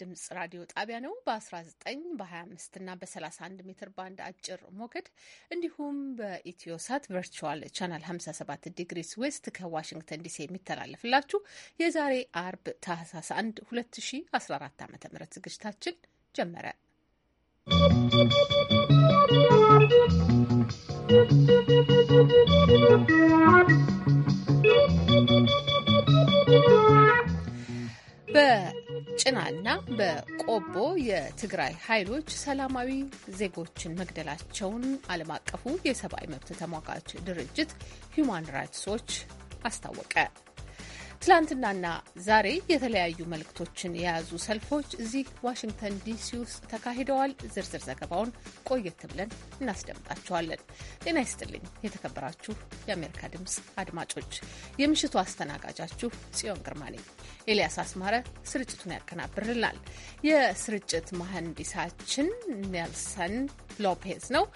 ድምጽ ራዲዮ ጣቢያ ነው። በ19 በ25 እና በ31 ሜትር ባንድ አጭር ሞገድ እንዲሁም በኢትዮሳት ቨርቹዋል ቻናል 57 ዲግሪስ ዌስት ከዋሽንግተን ዲሲ የሚተላለፍላችሁ የዛሬ አርብ ታህሳስ 1 2014 ዓ ም ዝግጅታችን ጀመረ። በ ጭናና በቆቦ የትግራይ ኃይሎች ሰላማዊ ዜጎችን መግደላቸውን ዓለም አቀፉ የሰብአዊ መብት ተሟጋች ድርጅት ሂዩማን ራይትስ ዎች አስታወቀ። ትላንትናና ዛሬ የተለያዩ መልእክቶችን የያዙ ሰልፎች እዚህ ዋሽንግተን ዲሲ ውስጥ ተካሂደዋል። ዝርዝር ዘገባውን ቆየት ብለን እናስደምጣቸዋለን። ጤና ይስጥልኝ የተከበራችሁ የአሜሪካ ድምፅ አድማጮች፣ የምሽቱ አስተናጋጃችሁ ጽዮን ግርማ ነኝ። ኤልያስ አስማረ ስርጭቱን ያቀናብርልናል። የስርጭት መሐንዲሳችን ኔልሰን ሎፔዝ ነው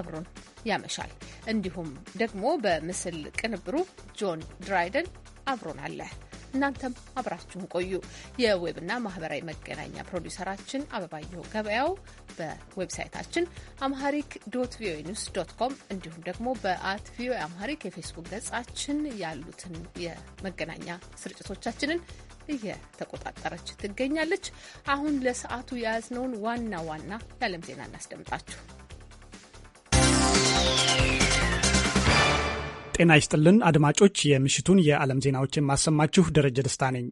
አብሮን ያመሻል። እንዲሁም ደግሞ በምስል ቅንብሩ ጆን ድራይደን አብሮናለህ። እናንተም አብራችሁን ቆዩ። የዌብና ማህበራዊ መገናኛ ፕሮዲውሰራችን አበባየሁ ገበያው በዌብሳይታችን አምሃሪክ ዶት ቪኦኤ ኒውስ ዶት ኮም እንዲሁም ደግሞ በአት ቪኦኤ አምሃሪክ የፌስቡክ ገጻችን ያሉትን የመገናኛ ስርጭቶቻችንን እየተቆጣጠረች ትገኛለች። አሁን ለሰዓቱ የያዝነውን ዋና ዋና የዓለም ዜና እናስደምጣችሁ። ጤና ይስጥልን አድማጮች፣ የምሽቱን የዓለም ዜናዎች የማሰማችሁ ደረጀ ደስታ ነኝ።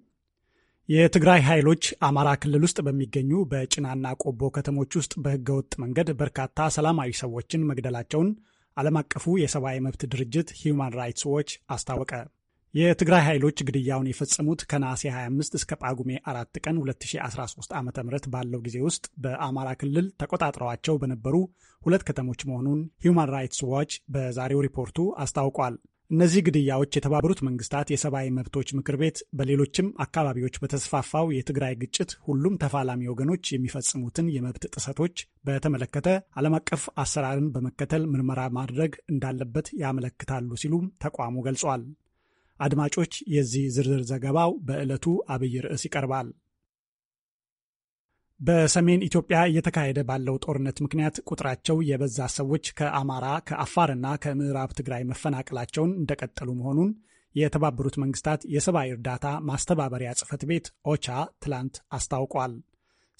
የትግራይ ኃይሎች አማራ ክልል ውስጥ በሚገኙ በጭናና ቆቦ ከተሞች ውስጥ በህገወጥ መንገድ በርካታ ሰላማዊ ሰዎችን መግደላቸውን ዓለም አቀፉ የሰብአዊ መብት ድርጅት ሂዩማን ራይትስ ዎች አስታወቀ። የትግራይ ኃይሎች ግድያውን የፈጸሙት ከነሐሴ 25 እስከ ጳጉሜ 4 ቀን 2013 ዓ ም ባለው ጊዜ ውስጥ በአማራ ክልል ተቆጣጥረዋቸው በነበሩ ሁለት ከተሞች መሆኑን ሂውማን ራይትስ ዋች በዛሬው ሪፖርቱ አስታውቋል። እነዚህ ግድያዎች የተባበሩት መንግስታት የሰብአዊ መብቶች ምክር ቤት በሌሎችም አካባቢዎች በተስፋፋው የትግራይ ግጭት ሁሉም ተፋላሚ ወገኖች የሚፈጽሙትን የመብት ጥሰቶች በተመለከተ ዓለም አቀፍ አሰራርን በመከተል ምርመራ ማድረግ እንዳለበት ያመለክታሉ ሲሉም ተቋሙ ገልጿል። አድማጮች፣ የዚህ ዝርዝር ዘገባው በዕለቱ አብይ ርዕስ ይቀርባል። በሰሜን ኢትዮጵያ እየተካሄደ ባለው ጦርነት ምክንያት ቁጥራቸው የበዛ ሰዎች ከአማራ፣ ከአፋርና ከምዕራብ ትግራይ መፈናቀላቸውን እንደቀጠሉ መሆኑን የተባበሩት መንግስታት የሰብአዊ እርዳታ ማስተባበሪያ ጽሕፈት ቤት ኦቻ ትላንት አስታውቋል።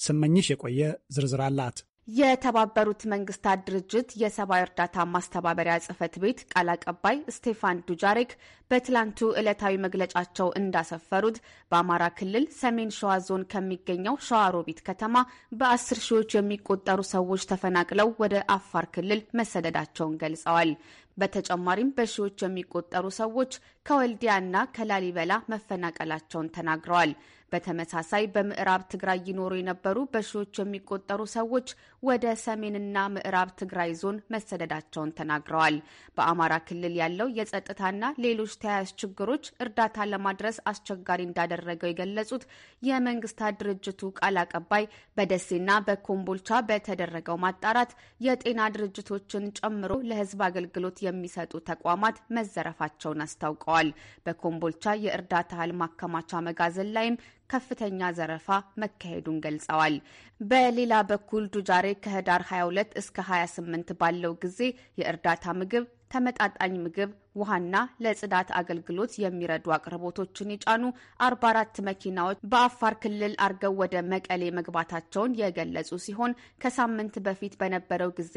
ስመኝሽ የቆየ ዝርዝር አላት። የተባበሩት መንግስታት ድርጅት የሰብአዊ እርዳታ ማስተባበሪያ ጽህፈት ቤት ቃል አቀባይ ስቴፋን ዱጃሬክ በትላንቱ ዕለታዊ መግለጫቸው እንዳሰፈሩት በአማራ ክልል ሰሜን ሸዋ ዞን ከሚገኘው ሸዋሮቢት ከተማ በአስር ሺዎች የሚቆጠሩ ሰዎች ተፈናቅለው ወደ አፋር ክልል መሰደዳቸውን ገልጸዋል። በተጨማሪም በሺዎች የሚቆጠሩ ሰዎች ከወልዲያና ከላሊበላ መፈናቀላቸውን ተናግረዋል። በተመሳሳይ በምዕራብ ትግራይ ይኖሩ የነበሩ በሺዎች የሚቆጠሩ ሰዎች ወደ ሰሜንና ምዕራብ ትግራይ ዞን መሰደዳቸውን ተናግረዋል። በአማራ ክልል ያለው የጸጥታና ሌሎች ተያያዥ ችግሮች እርዳታ ለማድረስ አስቸጋሪ እንዳደረገው የገለጹት የመንግስታት ድርጅቱ ቃል አቀባይ በደሴና በኮምቦልቻ በተደረገው ማጣራት የጤና ድርጅቶችን ጨምሮ ለህዝብ አገልግሎት የሚሰጡ ተቋማት መዘረፋቸውን አስታውቀዋል። በኮምቦልቻ የእርዳታ እህል ማከማቻ መጋዘን ላይም ከፍተኛ ዘረፋ መካሄዱን ገልጸዋል። በሌላ በኩል ዱጃሬ ከህዳር 22 እስከ 28 ባለው ጊዜ የእርዳታ ምግብ፣ ተመጣጣኝ ምግብ ውሃና ለጽዳት አገልግሎት የሚረዱ አቅርቦቶችን የጫኑ አርባ አራት መኪናዎች በአፋር ክልል አርገው ወደ መቀሌ መግባታቸውን የገለጹ ሲሆን ከሳምንት በፊት በነበረው ጊዜ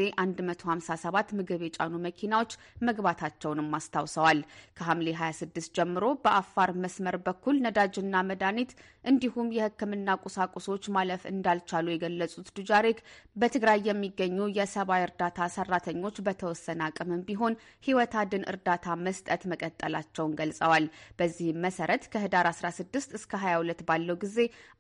157 ምግብ የጫኑ መኪናዎች መግባታቸውንም አስታውሰዋል። ከሐምሌ 26 ጀምሮ በአፋር መስመር በኩል ነዳጅና መድኃኒት እንዲሁም የሕክምና ቁሳቁሶች ማለፍ እንዳልቻሉ የገለጹት ዱጃሬክ በትግራይ የሚገኙ የሰብአዊ እርዳታ ሰራተኞች በተወሰነ አቅምም ቢሆን ህይወት አድን እርዳታ እርዳታ መስጠት መቀጠላቸውን ገልጸዋል። በዚህም መሰረት ከህዳር 16 እስከ 22 ባለው ጊዜ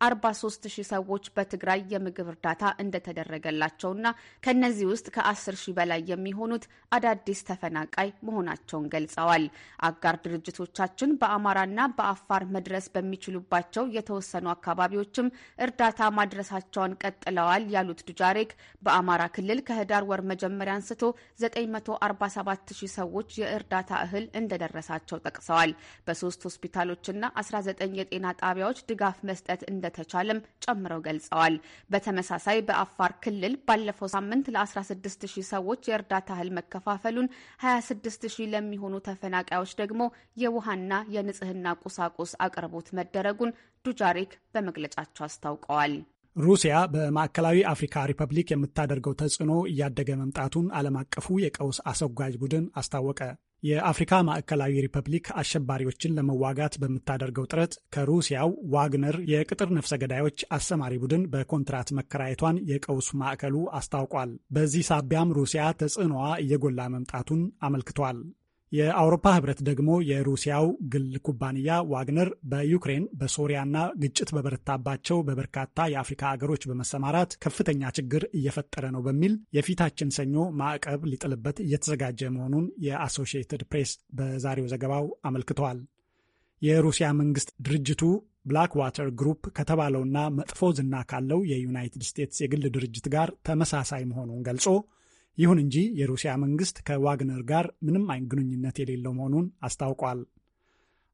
43 ሺህ ሰዎች በትግራይ የምግብ እርዳታ እንደተደረገላቸውና ከእነዚህ ውስጥ ከ10 ሺህ በላይ የሚሆኑት አዳዲስ ተፈናቃይ መሆናቸውን ገልጸዋል። አጋር ድርጅቶቻችን በአማራና በአፋር መድረስ በሚችሉባቸው የተወሰኑ አካባቢዎችም እርዳታ ማድረሳቸውን ቀጥለዋል ያሉት ዱጃሬክ በአማራ ክልል ከህዳር ወር መጀመሪያ አንስቶ 947 ሺህ ሰዎች የእርዳታ እህል እንደደረሳቸው ጠቅሰዋል። በሶስት ሆስፒታሎችና 19 የጤና ጣቢያዎች ድጋፍ መስጠት እንደተቻለም ጨምረው ገልጸዋል። በተመሳሳይ በአፋር ክልል ባለፈው ሳምንት ለ16 ሺህ ሰዎች የእርዳታ እህል መከፋፈሉን፣ 26 ሺህ ለሚሆኑ ተፈናቃዮች ደግሞ የውሃና የንጽህና ቁሳቁስ አቅርቦት መደረጉን ዱጃሪክ በመግለጫቸው አስታውቀዋል። ሩሲያ በማዕከላዊ አፍሪካ ሪፐብሊክ የምታደርገው ተጽዕኖ እያደገ መምጣቱን ዓለም አቀፉ የቀውስ አሰጓጅ ቡድን አስታወቀ። የአፍሪካ ማዕከላዊ ሪፐብሊክ አሸባሪዎችን ለመዋጋት በምታደርገው ጥረት ከሩሲያው ዋግነር የቅጥር ነፍሰ ገዳዮች አሰማሪ ቡድን በኮንትራት መከራየቷን የቀውስ ማዕከሉ አስታውቋል። በዚህ ሳቢያም ሩሲያ ተጽዕኖዋ እየጎላ መምጣቱን አመልክቷል። የአውሮፓ ህብረት ደግሞ የሩሲያው ግል ኩባንያ ዋግነር በዩክሬን በሶሪያና ግጭት በበረታባቸው በበርካታ የአፍሪካ አገሮች በመሰማራት ከፍተኛ ችግር እየፈጠረ ነው በሚል የፊታችን ሰኞ ማዕቀብ ሊጥልበት እየተዘጋጀ መሆኑን የአሶሺየትድ ፕሬስ በዛሬው ዘገባው አመልክተዋል። የሩሲያ መንግስት ድርጅቱ ብላክ ዋተር ግሩፕ ከተባለውና መጥፎ ዝና ካለው የዩናይትድ ስቴትስ የግል ድርጅት ጋር ተመሳሳይ መሆኑን ገልጾ ይሁን እንጂ የሩሲያ መንግስት ከዋግነር ጋር ምንም አይን ግንኙነት የሌለው መሆኑን አስታውቋል።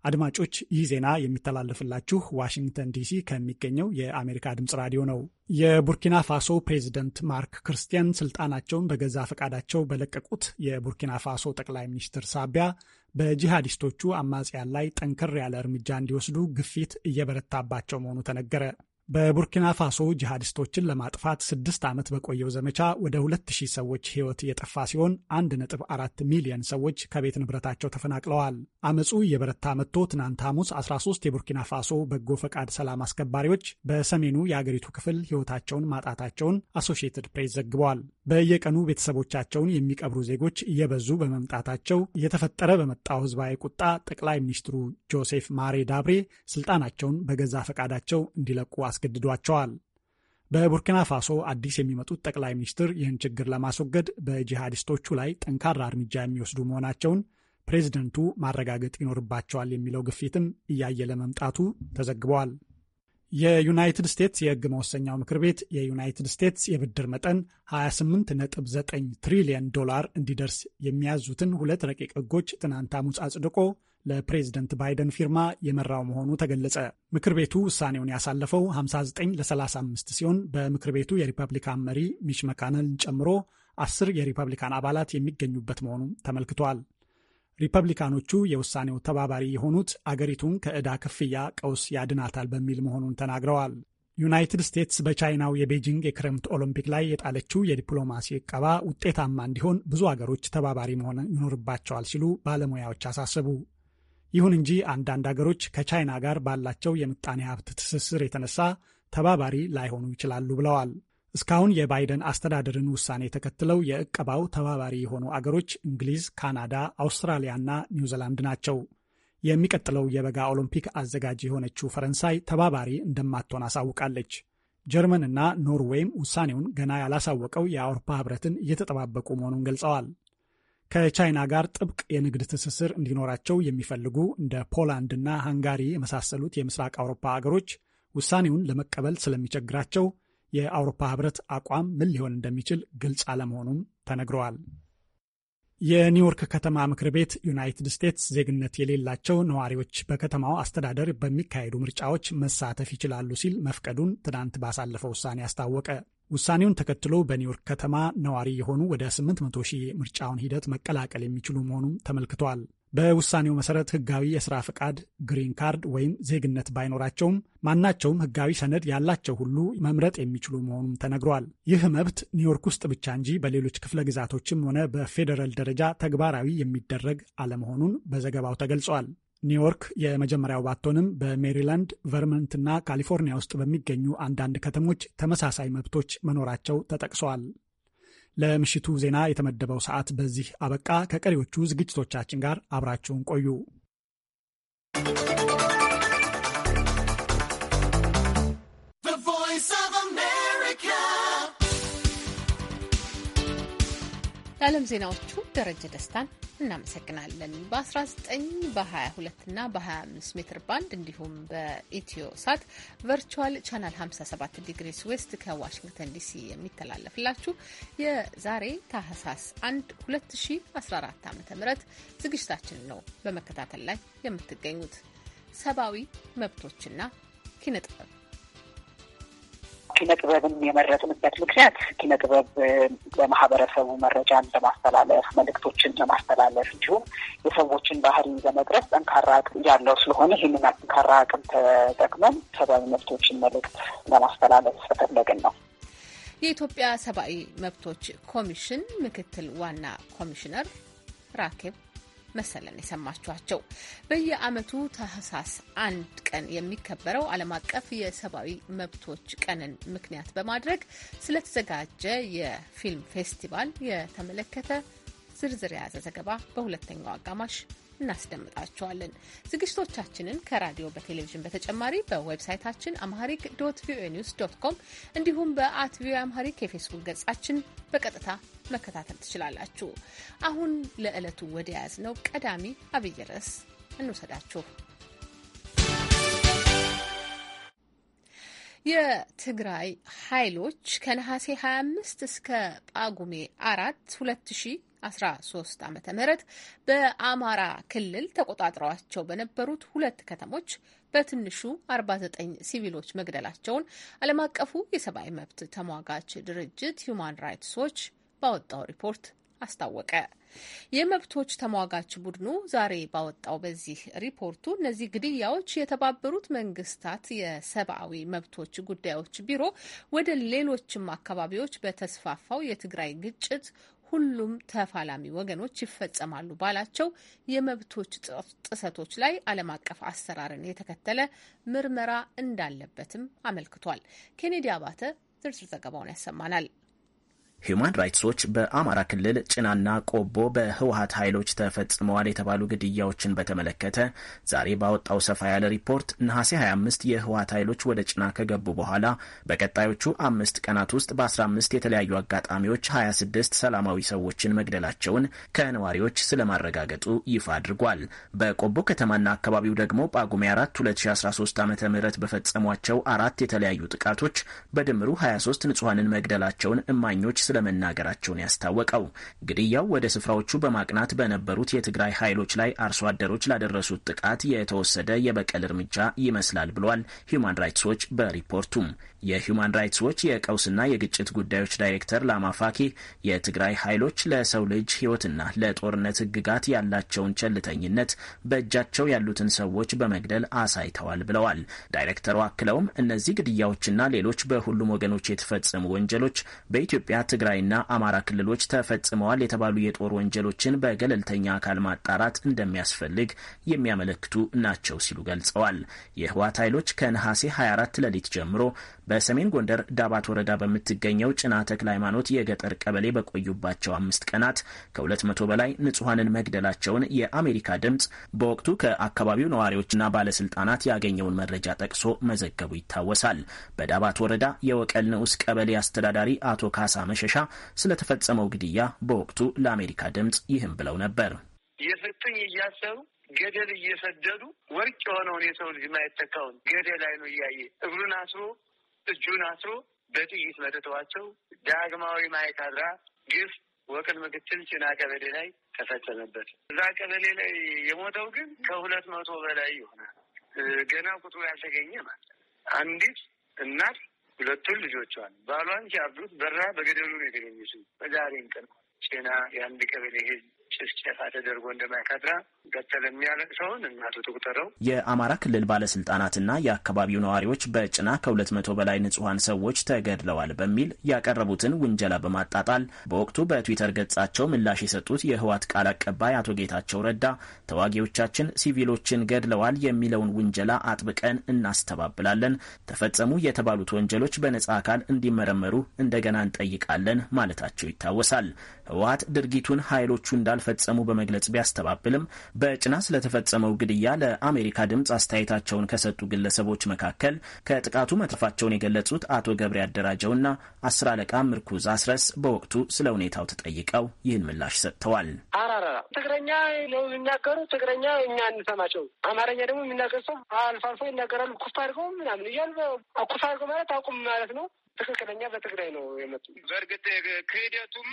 አድማጮች ይህ ዜና የሚተላለፍላችሁ ዋሽንግተን ዲሲ ከሚገኘው የአሜሪካ ድምፅ ራዲዮ ነው። የቡርኪና ፋሶ ፕሬዚደንት ማርክ ክርስቲያን ስልጣናቸውን በገዛ ፈቃዳቸው በለቀቁት የቡርኪና ፋሶ ጠቅላይ ሚኒስትር ሳቢያ በጂሃዲስቶቹ አማጽያን ላይ ጠንከር ያለ እርምጃ እንዲወስዱ ግፊት እየበረታባቸው መሆኑ ተነገረ። በቡርኪና ፋሶ ጂሃዲስቶችን ለማጥፋት ስድስት ዓመት በቆየው ዘመቻ ወደ ሁለት ሰዎች ሕይወት የጠፋ ሲሆን አንድ ነጥብ ሰዎች ከቤት ንብረታቸው ተፈናቅለዋል። አመፁ የበረታ መጥቶ ትናንት ሐሙስ 13 የቡርኪና ፋሶ በጎ ፈቃድ ሰላም አስከባሪዎች በሰሜኑ የአገሪቱ ክፍል ሕይወታቸውን ማጣታቸውን አሶሺየትድ ፕሬስ ዘግቧል። በየቀኑ ቤተሰቦቻቸውን የሚቀብሩ ዜጎች እየበዙ በመምጣታቸው እየተፈጠረ በመጣው ህዝባዊ ቁጣ ጠቅላይ ሚኒስትሩ ጆሴፍ ማሬ ዳብሬ ስልጣናቸውን በገዛ ፈቃዳቸው እንዲለቁ አስገድዷቸዋል። በቡርኪና ፋሶ አዲስ የሚመጡት ጠቅላይ ሚኒስትር ይህን ችግር ለማስወገድ በጂሃዲስቶቹ ላይ ጠንካራ እርምጃ የሚወስዱ መሆናቸውን ፕሬዚደንቱ ማረጋገጥ ይኖርባቸዋል የሚለው ግፊትም እያየ ለመምጣቱ ተዘግበዋል። የዩናይትድ ስቴትስ የሕግ መወሰኛው ምክር ቤት የዩናይትድ ስቴትስ የብድር መጠን 28.9 ትሪሊየን ዶላር እንዲደርስ የሚያዙትን ሁለት ረቂቅ ሕጎች ትናንት ሐሙስ አጽድቆ ለፕሬዝደንት ባይደን ፊርማ የመራው መሆኑ ተገለጸ። ምክር ቤቱ ውሳኔውን ያሳለፈው 59 ለ35 ሲሆን በምክር ቤቱ የሪፐብሊካን መሪ ሚች መካነልን ጨምሮ አስር የሪፐብሊካን አባላት የሚገኙበት መሆኑ ተመልክቷል። ሪፐብሊካኖቹ የውሳኔው ተባባሪ የሆኑት አገሪቱን ከዕዳ ክፍያ ቀውስ ያድናታል በሚል መሆኑን ተናግረዋል። ዩናይትድ ስቴትስ በቻይናው የቤጂንግ የክረምት ኦሎምፒክ ላይ የጣለችው የዲፕሎማሲ እቀባ ውጤታማ እንዲሆን ብዙ አገሮች ተባባሪ መሆን ይኖርባቸዋል ሲሉ ባለሙያዎች አሳሰቡ። ይሁን እንጂ አንዳንድ አገሮች ከቻይና ጋር ባላቸው የምጣኔ ሀብት ትስስር የተነሳ ተባባሪ ላይሆኑ ይችላሉ ብለዋል። እስካሁን የባይደን አስተዳደርን ውሳኔ ተከትለው የእቀባው ተባባሪ የሆኑ አገሮች እንግሊዝ፣ ካናዳ፣ አውስትራሊያና ኒውዚላንድ ናቸው። የሚቀጥለው የበጋ ኦሎምፒክ አዘጋጅ የሆነችው ፈረንሳይ ተባባሪ እንደማትሆን አሳውቃለች። ጀርመንና ኖርዌይም ውሳኔውን ገና ያላሳወቀው የአውሮፓ ህብረትን እየተጠባበቁ መሆኑን ገልጸዋል። ከቻይና ጋር ጥብቅ የንግድ ትስስር እንዲኖራቸው የሚፈልጉ እንደ ፖላንድ እና ሃንጋሪ የመሳሰሉት የምስራቅ አውሮፓ አገሮች ውሳኔውን ለመቀበል ስለሚቸግራቸው የአውሮፓ ህብረት አቋም ምን ሊሆን እንደሚችል ግልጽ አለመሆኑም ተነግረዋል። የኒውዮርክ ከተማ ምክር ቤት ዩናይትድ ስቴትስ ዜግነት የሌላቸው ነዋሪዎች በከተማው አስተዳደር በሚካሄዱ ምርጫዎች መሳተፍ ይችላሉ ሲል መፍቀዱን ትናንት ባሳለፈው ውሳኔ አስታወቀ። ውሳኔውን ተከትሎ በኒውዮርክ ከተማ ነዋሪ የሆኑ ወደ 800 ሺህ ምርጫውን ሂደት መቀላቀል የሚችሉ መሆኑም ተመልክቷል። በውሳኔው መሰረት ህጋዊ የስራ ፈቃድ ግሪን ካርድ ወይም ዜግነት ባይኖራቸውም ማናቸውም ህጋዊ ሰነድ ያላቸው ሁሉ መምረጥ የሚችሉ መሆኑም ተነግሯል። ይህ መብት ኒውዮርክ ውስጥ ብቻ እንጂ በሌሎች ክፍለ ግዛቶችም ሆነ በፌዴራል ደረጃ ተግባራዊ የሚደረግ አለመሆኑን በዘገባው ተገልጿል። ኒውዮርክ የመጀመሪያው ባትሆንም በሜሪላንድ እና ካሊፎርኒያ ውስጥ በሚገኙ አንዳንድ ከተሞች ተመሳሳይ መብቶች መኖራቸው ተጠቅሰዋል። ለምሽቱ ዜና የተመደበው ሰዓት በዚህ አበቃ። ከቀሪዎቹ ዝግጅቶቻችን ጋር አብራችሁን ቆዩ። ለዓለም ዜናዎቹ ደረጀ ደስታን እናመሰግናለን። በ19 በ22 እና በ25 ሜትር ባንድ እንዲሁም በኢትዮ ሳት ቨርቹዋል ቻናል 57 ዲግሪስ ዌስት ከዋሽንግተን ዲሲ የሚተላለፍላችሁ የዛሬ ታህሳስ 1 2014 ዓ ም ዝግጅታችን ነው በመከታተል ላይ የምትገኙት። ሰብአዊ መብቶችና ኪነጥበብ ኪነ ጥበብን የመረጥንበት ምክንያት ኪነ ጥበብ ለማህበረሰቡ መረጃን ለማስተላለፍ፣ መልእክቶችን ለማስተላለፍ እንዲሁም የሰዎችን ባህሪ ለመድረስ ጠንካራ አቅም ያለው ስለሆነ ይህንን ጠንካራ አቅም ተጠቅመን ሰብአዊ መብቶችን መልእክት ለማስተላለፍ ስለፈለግን ነው። የኢትዮጵያ ሰብአዊ መብቶች ኮሚሽን ምክትል ዋና ኮሚሽነር ራኬብ መሰለን የሰማችኋቸው። በየአመቱ ታህሳስ አንድ ቀን የሚከበረው ዓለም አቀፍ የሰብአዊ መብቶች ቀንን ምክንያት በማድረግ ስለተዘጋጀ የፊልም ፌስቲቫል የተመለከተ ዝርዝር የያዘ ዘገባ በሁለተኛው አጋማሽ እናስደምጣቸዋለን። ዝግጅቶቻችንን ከራዲዮ በቴሌቪዥን በተጨማሪ በዌብሳይታችን አምሃሪክ ዶት ቪኦኤ ኒውስ ዶት ኮም እንዲሁም በአት ቪኦኤ አምሃሪክ የፌስቡክ ገጻችን በቀጥታ መከታተል ትችላላችሁ። አሁን ለዕለቱ ወደ ያዝ ነው ቀዳሚ አብይ ርዕስ እንውሰዳችሁ። የትግራይ ኃይሎች ከነሐሴ 25 እስከ ጳጉሜ አራት 2000 2013 ዓ ም በአማራ ክልል ተቆጣጥረዋቸው በነበሩት ሁለት ከተሞች በትንሹ 49 ሲቪሎች መግደላቸውን ዓለም አቀፉ የሰብአዊ መብት ተሟጋች ድርጅት ሁማን ራይትስ ዎች ባወጣው ሪፖርት አስታወቀ። የመብቶች ተሟጋች ቡድኑ ዛሬ ባወጣው በዚህ ሪፖርቱ እነዚህ ግድያዎች የተባበሩት መንግስታት የሰብአዊ መብቶች ጉዳዮች ቢሮ ወደ ሌሎችም አካባቢዎች በተስፋፋው የትግራይ ግጭት ሁሉም ተፋላሚ ወገኖች ይፈጸማሉ ባላቸው የመብቶች ጥሰቶች ላይ ዓለም አቀፍ አሰራርን የተከተለ ምርመራ እንዳለበትም አመልክቷል። ኬኔዲ አባተ ዝርዝር ዘገባውን ያሰማናል። ሂዩማን ራይትስ ዎች በአማራ ክልል ጭናና ቆቦ በህወሀት ኃይሎች ተፈጽመዋል የተባሉ ግድያዎችን በተመለከተ ዛሬ ባወጣው ሰፋ ያለ ሪፖርት ነሐሴ 25 የህወሀት ኃይሎች ወደ ጭና ከገቡ በኋላ በቀጣዮቹ አምስት ቀናት ውስጥ በ15 የተለያዩ አጋጣሚዎች 26 ሰላማዊ ሰዎችን መግደላቸውን ከነዋሪዎች ስለማረጋገጡ ይፋ አድርጓል። በቆቦ ከተማና አካባቢው ደግሞ ጳጉሜ 4 2013 ዓ ም በፈጸሟቸው አራት የተለያዩ ጥቃቶች በድምሩ 23 ንጹሐንን መግደላቸውን እማኞች ስለመናገራቸውን ያስታወቀው ግድያው ወደ ስፍራዎቹ በማቅናት በነበሩት የትግራይ ኃይሎች ላይ አርሶ አደሮች ላደረሱት ጥቃት የተወሰደ የበቀል እርምጃ ይመስላል ብሏል ሂውማን ራይትስ ዎች በሪፖርቱም የሂዩማን ራይትስ ዎች የቀውስና የግጭት ጉዳዮች ዳይሬክተር ላማፋኪ የትግራይ ኃይሎች ለሰው ልጅ ሕይወትና ለጦርነት ሕግጋት ያላቸውን ቸልተኝነት በእጃቸው ያሉትን ሰዎች በመግደል አሳይተዋል ብለዋል። ዳይሬክተሩ አክለውም እነዚህ ግድያዎችና ሌሎች በሁሉም ወገኖች የተፈጸሙ ወንጀሎች በኢትዮጵያ ትግራይና አማራ ክልሎች ተፈጽመዋል የተባሉ የጦር ወንጀሎችን በገለልተኛ አካል ማጣራት እንደሚያስፈልግ የሚያመለክቱ ናቸው ሲሉ ገልጸዋል። የህወሓት ኃይሎች ከነሐሴ 24 ሌሊት ጀምሮ በሰሜን ጎንደር ዳባት ወረዳ በምትገኘው ጭና ተክለ ሃይማኖት የገጠር ቀበሌ በቆዩባቸው አምስት ቀናት ከ200 በላይ ንጹሐንን መግደላቸውን የአሜሪካ ድምፅ በወቅቱ ከአካባቢው ነዋሪዎችና ባለስልጣናት ያገኘውን መረጃ ጠቅሶ መዘገቡ ይታወሳል። በዳባት ወረዳ የወቀል ንዑስ ቀበሌ አስተዳዳሪ አቶ ካሳ መሸሻ ስለተፈጸመው ግድያ በወቅቱ ለአሜሪካ ድምፅ ይህም ብለው ነበር። የፍጥኝ እያሰሩ ገደል እየሰደዱ ወርቅ የሆነውን የሰው ልጅ ማይተካውን ገደል አይኑ እያየ እግሩን አስሮ እጁን አስሮ በጥይት መጥተዋቸው ዳግማዊ ማይካድራ ግፍ ወቅን ምክትል ጭና ቀበሌ ላይ ተፈጸመበት። እዛ ቀበሌ ላይ የሞተው ግን ከሁለት መቶ በላይ ይሆናል። ገና ቁጥሩ ያልተገኘ ማለት አንዲት እናት ሁለቱን ልጆቿን ባሏን ሲያብዱት በራ በገደሉ ነው የተገኙት። በዛሬም ቀን ጭና የአንድ ቀበሌ ህዝብ ጭፍጨፋ ተደርጎ እንደማይካድራ ገተለ የሚያለቅሰውን እናቱ ትቁጠረው። የአማራ ክልል ባለስልጣናትና የአካባቢው ነዋሪዎች በጭና ከሁለት መቶ በላይ ንጹሐን ሰዎች ተገድለዋል በሚል ያቀረቡትን ውንጀላ በማጣጣል በወቅቱ በትዊተር ገጻቸው ምላሽ የሰጡት የህወሓት ቃል አቀባይ አቶ ጌታቸው ረዳ ተዋጊዎቻችን ሲቪሎችን ገድለዋል የሚለውን ውንጀላ አጥብቀን እናስተባብላለን። ተፈጸሙ የተባሉት ወንጀሎች በነጻ አካል እንዲመረመሩ እንደገና እንጠይቃለን ማለታቸው ይታወሳል። ህወሀት ድርጊቱን ኃይሎቹ እንዳልፈጸሙ በመግለጽ ቢያስተባብልም በጭና ስለተፈጸመው ግድያ ለአሜሪካ ድምፅ አስተያየታቸውን ከሰጡ ግለሰቦች መካከል ከጥቃቱ መትረፋቸውን የገለጹት አቶ ገብሬ አደራጀውና አስር አለቃ ምርኩዝ አስረስ በወቅቱ ስለ ሁኔታው ተጠይቀው ይህን ምላሽ ሰጥተዋል። ትግረኛ የሚናገሩ ትግረኛ እኛ እንሰማቸው፣ አማርኛ ደግሞ የሚናገር ሰው አልፎ አልፎ ይናገራሉ። ኩፍ አድርገው ምናምን እያሉ ኩፍ አድርገው ማለት አቁም ማለት ነው። ትክክለኛ በትግራይ ነው የመጡ። በእርግጥ ክህደቱማ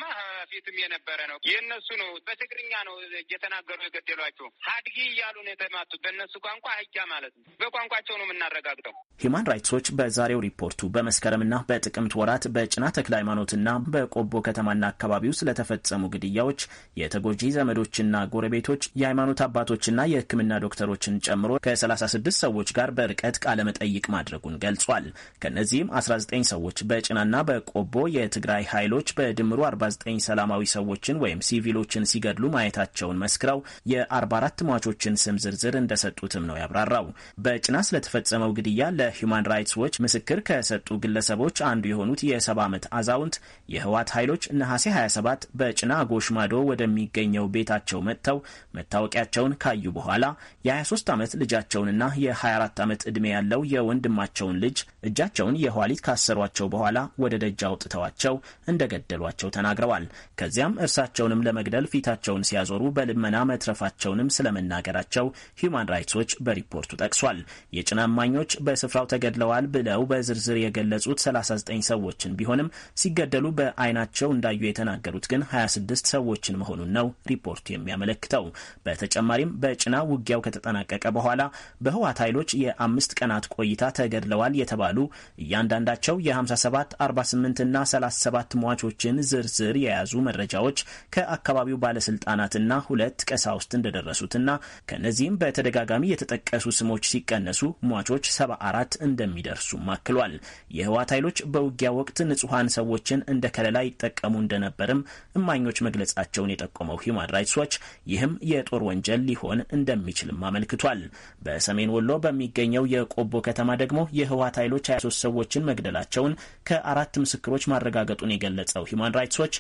በፊትም የነበረ ነው። የእነሱ ነው። በትግርኛ ነው እየተናገሩ የገደሏቸው። ሀድጊ እያሉ ነው የተማቱት። በእነሱ ቋንቋ ህጃ ማለት ነው። በቋንቋቸው ነው የምናረጋግጠው። ሂማን ራይትስ ዎች በዛሬው ሪፖርቱ በመስከረምና በጥቅምት ወራት በጭና ተክለ ሃይማኖትና በቆቦ ከተማና አካባቢው ስለተፈጸሙ ግድያዎች የተጎጂ ዘመዶችና ጎረቤቶች፣ የሃይማኖት አባቶችና የሕክምና ዶክተሮችን ጨምሮ ከ36 ሰዎች ጋር በርቀት ቃለመጠይቅ ማድረጉን ገልጿል። ከእነዚህም 19 ሰዎች በጭናና በቆቦ የትግራይ ኃይሎች በድምሩ 49 ሰላማዊ ሰላማዊ ሰዎችን ወይም ሲቪሎችን ሲገድሉ ማየታቸውን መስክረው የ44 ሟቾችን ስም ዝርዝር እንደሰጡትም ነው ያብራራው። በጭና ስለተፈጸመው ግድያ ለሂውማን ራይትስ ዎች ምስክር ከሰጡ ግለሰቦች አንዱ የሆኑት የ70 ዓመት አዛውንት የህወሓት ኃይሎች ነሐሴ 27 በጭና ጎሽ ማዶ ወደሚገኘው ቤታቸው መጥተው መታወቂያቸውን ካዩ በኋላ የ23 ዓመት ልጃቸውንና የ24 ዓመት ዕድሜ ያለው የወንድማቸውን ልጅ እጃቸውን የኋሊት ካሰሯቸው በኋላ ወደ ደጅ አውጥተዋቸው እንደገደሏቸው ተናግረዋል። ከዚያም እርሳቸውንም ለመግደል ፊታቸውን ሲያዞሩ በልመና መትረፋቸውንም ስለመናገራቸው ሂዩማን ራይትስ ዎች በሪፖርቱ ጠቅሷል። የጭን አማኞች በስፍራው ተገድለዋል ብለው በዝርዝር የገለጹት 39 ሰዎችን ቢሆንም ሲገደሉ በአይናቸው እንዳዩ የተናገሩት ግን 26 ሰዎችን መሆኑን ነው ሪፖርቱ የሚያመለክተው። በተጨማሪም በጭና ውጊያው ከተጠናቀቀ በኋላ በህዋት ኃይሎች የአምስት ቀናት ቆይታ ተገድለዋል የተባሉ እያንዳንዳቸው የ57፣ 48 እና 37 ሟቾችን ዝርዝር የያዙ መረጃዎች ከአካባቢው ባለስልጣናትና ሁለት ቀሳውስት እንደደረሱትና ከእነዚህም በተደጋጋሚ የተጠቀሱ ስሞች ሲቀነሱ ሟቾች ሰባ አራት እንደሚደርሱም አክሏል። የህወሓት ኃይሎች በውጊያ ወቅት ንጹሐን ሰዎችን እንደ ከለላ ይጠቀሙ እንደነበርም እማኞች መግለጻቸውን የጠቆመው ሂማን ራይትስ ዎች ይህም የጦር ወንጀል ሊሆን እንደሚችልም አመልክቷል። በሰሜን ወሎ በሚገኘው የቆቦ ከተማ ደግሞ የህወሓት ኃይሎች 23 ሰዎችን መግደላቸውን ከአራት ምስክሮች ማረጋገጡን የገለጸው ሂማን ራይትስ ዎች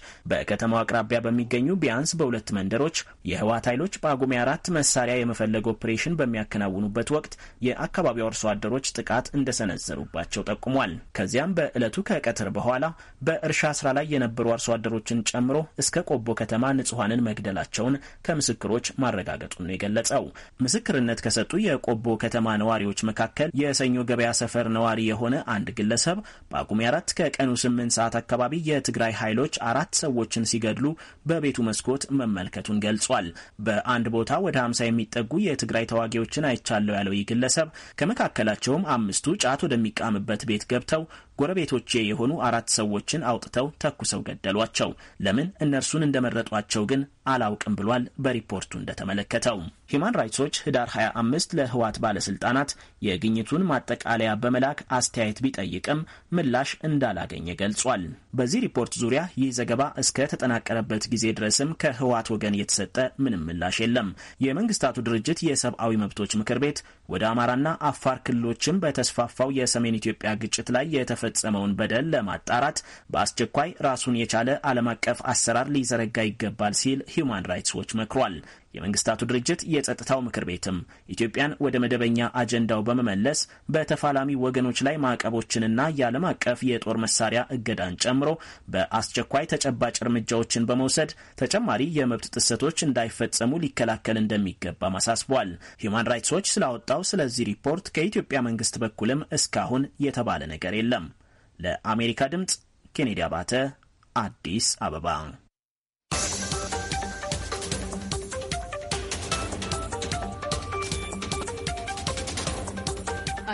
ከተማው አቅራቢያ በሚገኙ ቢያንስ በሁለት መንደሮች የህወሓት ኃይሎች በጳጉሜ አራት መሳሪያ የመፈለግ ኦፕሬሽን በሚያከናውኑበት ወቅት የአካባቢው አርሶ አደሮች ጥቃት እንደሰነዘሩባቸው ጠቁሟል። ከዚያም በዕለቱ ከቀትር በኋላ በእርሻ ስራ ላይ የነበሩ አርሶ አደሮችን ጨምሮ እስከ ቆቦ ከተማ ንጹሐንን መግደላቸውን ከምስክሮች ማረጋገጡን ነው የገለጸው። ምስክርነት ከሰጡ የቆቦ ከተማ ነዋሪዎች መካከል የሰኞ ገበያ ሰፈር ነዋሪ የሆነ አንድ ግለሰብ በጳጉሜ አራት ከቀኑ ስምንት ሰዓት አካባቢ የትግራይ ኃይሎች አራት ሰዎችን ሲገድሉ በቤቱ መስኮት መመልከቱን ገልጿል። በአንድ ቦታ ወደ 50 የሚጠጉ የትግራይ ተዋጊዎችን አይቻለው ያለው ይህ ግለሰብ ከመካከላቸውም አምስቱ ጫት ወደሚቃምበት ቤት ገብተው ጎረቤቶቼ የሆኑ አራት ሰዎችን አውጥተው ተኩሰው ገደሏቸው። ለምን እነርሱን እንደመረጧቸው ግን አላውቅም ብሏል። በሪፖርቱ እንደተመለከተው ሂማን ራይትሶች ህዳር 25 ለህዋት ባለስልጣናት የግኝቱን ማጠቃለያ በመላክ አስተያየት ቢጠይቅም ምላሽ እንዳላገኘ ገልጿል። በዚህ ሪፖርት ዙሪያ ይህ ዘገባ እስከ ተጠናቀረበት ጊዜ ድረስም ከህዋት ወገን የተሰጠ ምንም ምላሽ የለም። የመንግስታቱ ድርጅት የሰብአዊ መብቶች ምክር ቤት ወደ አማራና አፋር ክልሎችም በተስፋፋው የሰሜን ኢትዮጵያ ግጭት ላይ የተፈጸመውን በደል ለማጣራት በአስቸኳይ ራሱን የቻለ ዓለም አቀፍ አሰራር ሊዘረጋ ይገባል ሲል ሂውማን ራይትስ ዎች መክሯል። የመንግስታቱ ድርጅት የጸጥታው ምክር ቤትም ኢትዮጵያን ወደ መደበኛ አጀንዳው በመመለስ በተፋላሚ ወገኖች ላይ ማዕቀቦችንና የዓለም አቀፍ የጦር መሳሪያ እገዳን ጨምሮ በአስቸኳይ ተጨባጭ እርምጃዎችን በመውሰድ ተጨማሪ የመብት ጥሰቶች እንዳይፈጸሙ ሊከላከል እንደሚገባም አሳስቧል። ሂዩማን ራይትስ ዎች ስላወጣው ስለዚህ ሪፖርት ከኢትዮጵያ መንግስት በኩልም እስካሁን የተባለ ነገር የለም። ለአሜሪካ ድምፅ ኬኔዲ አባተ አዲስ አበባ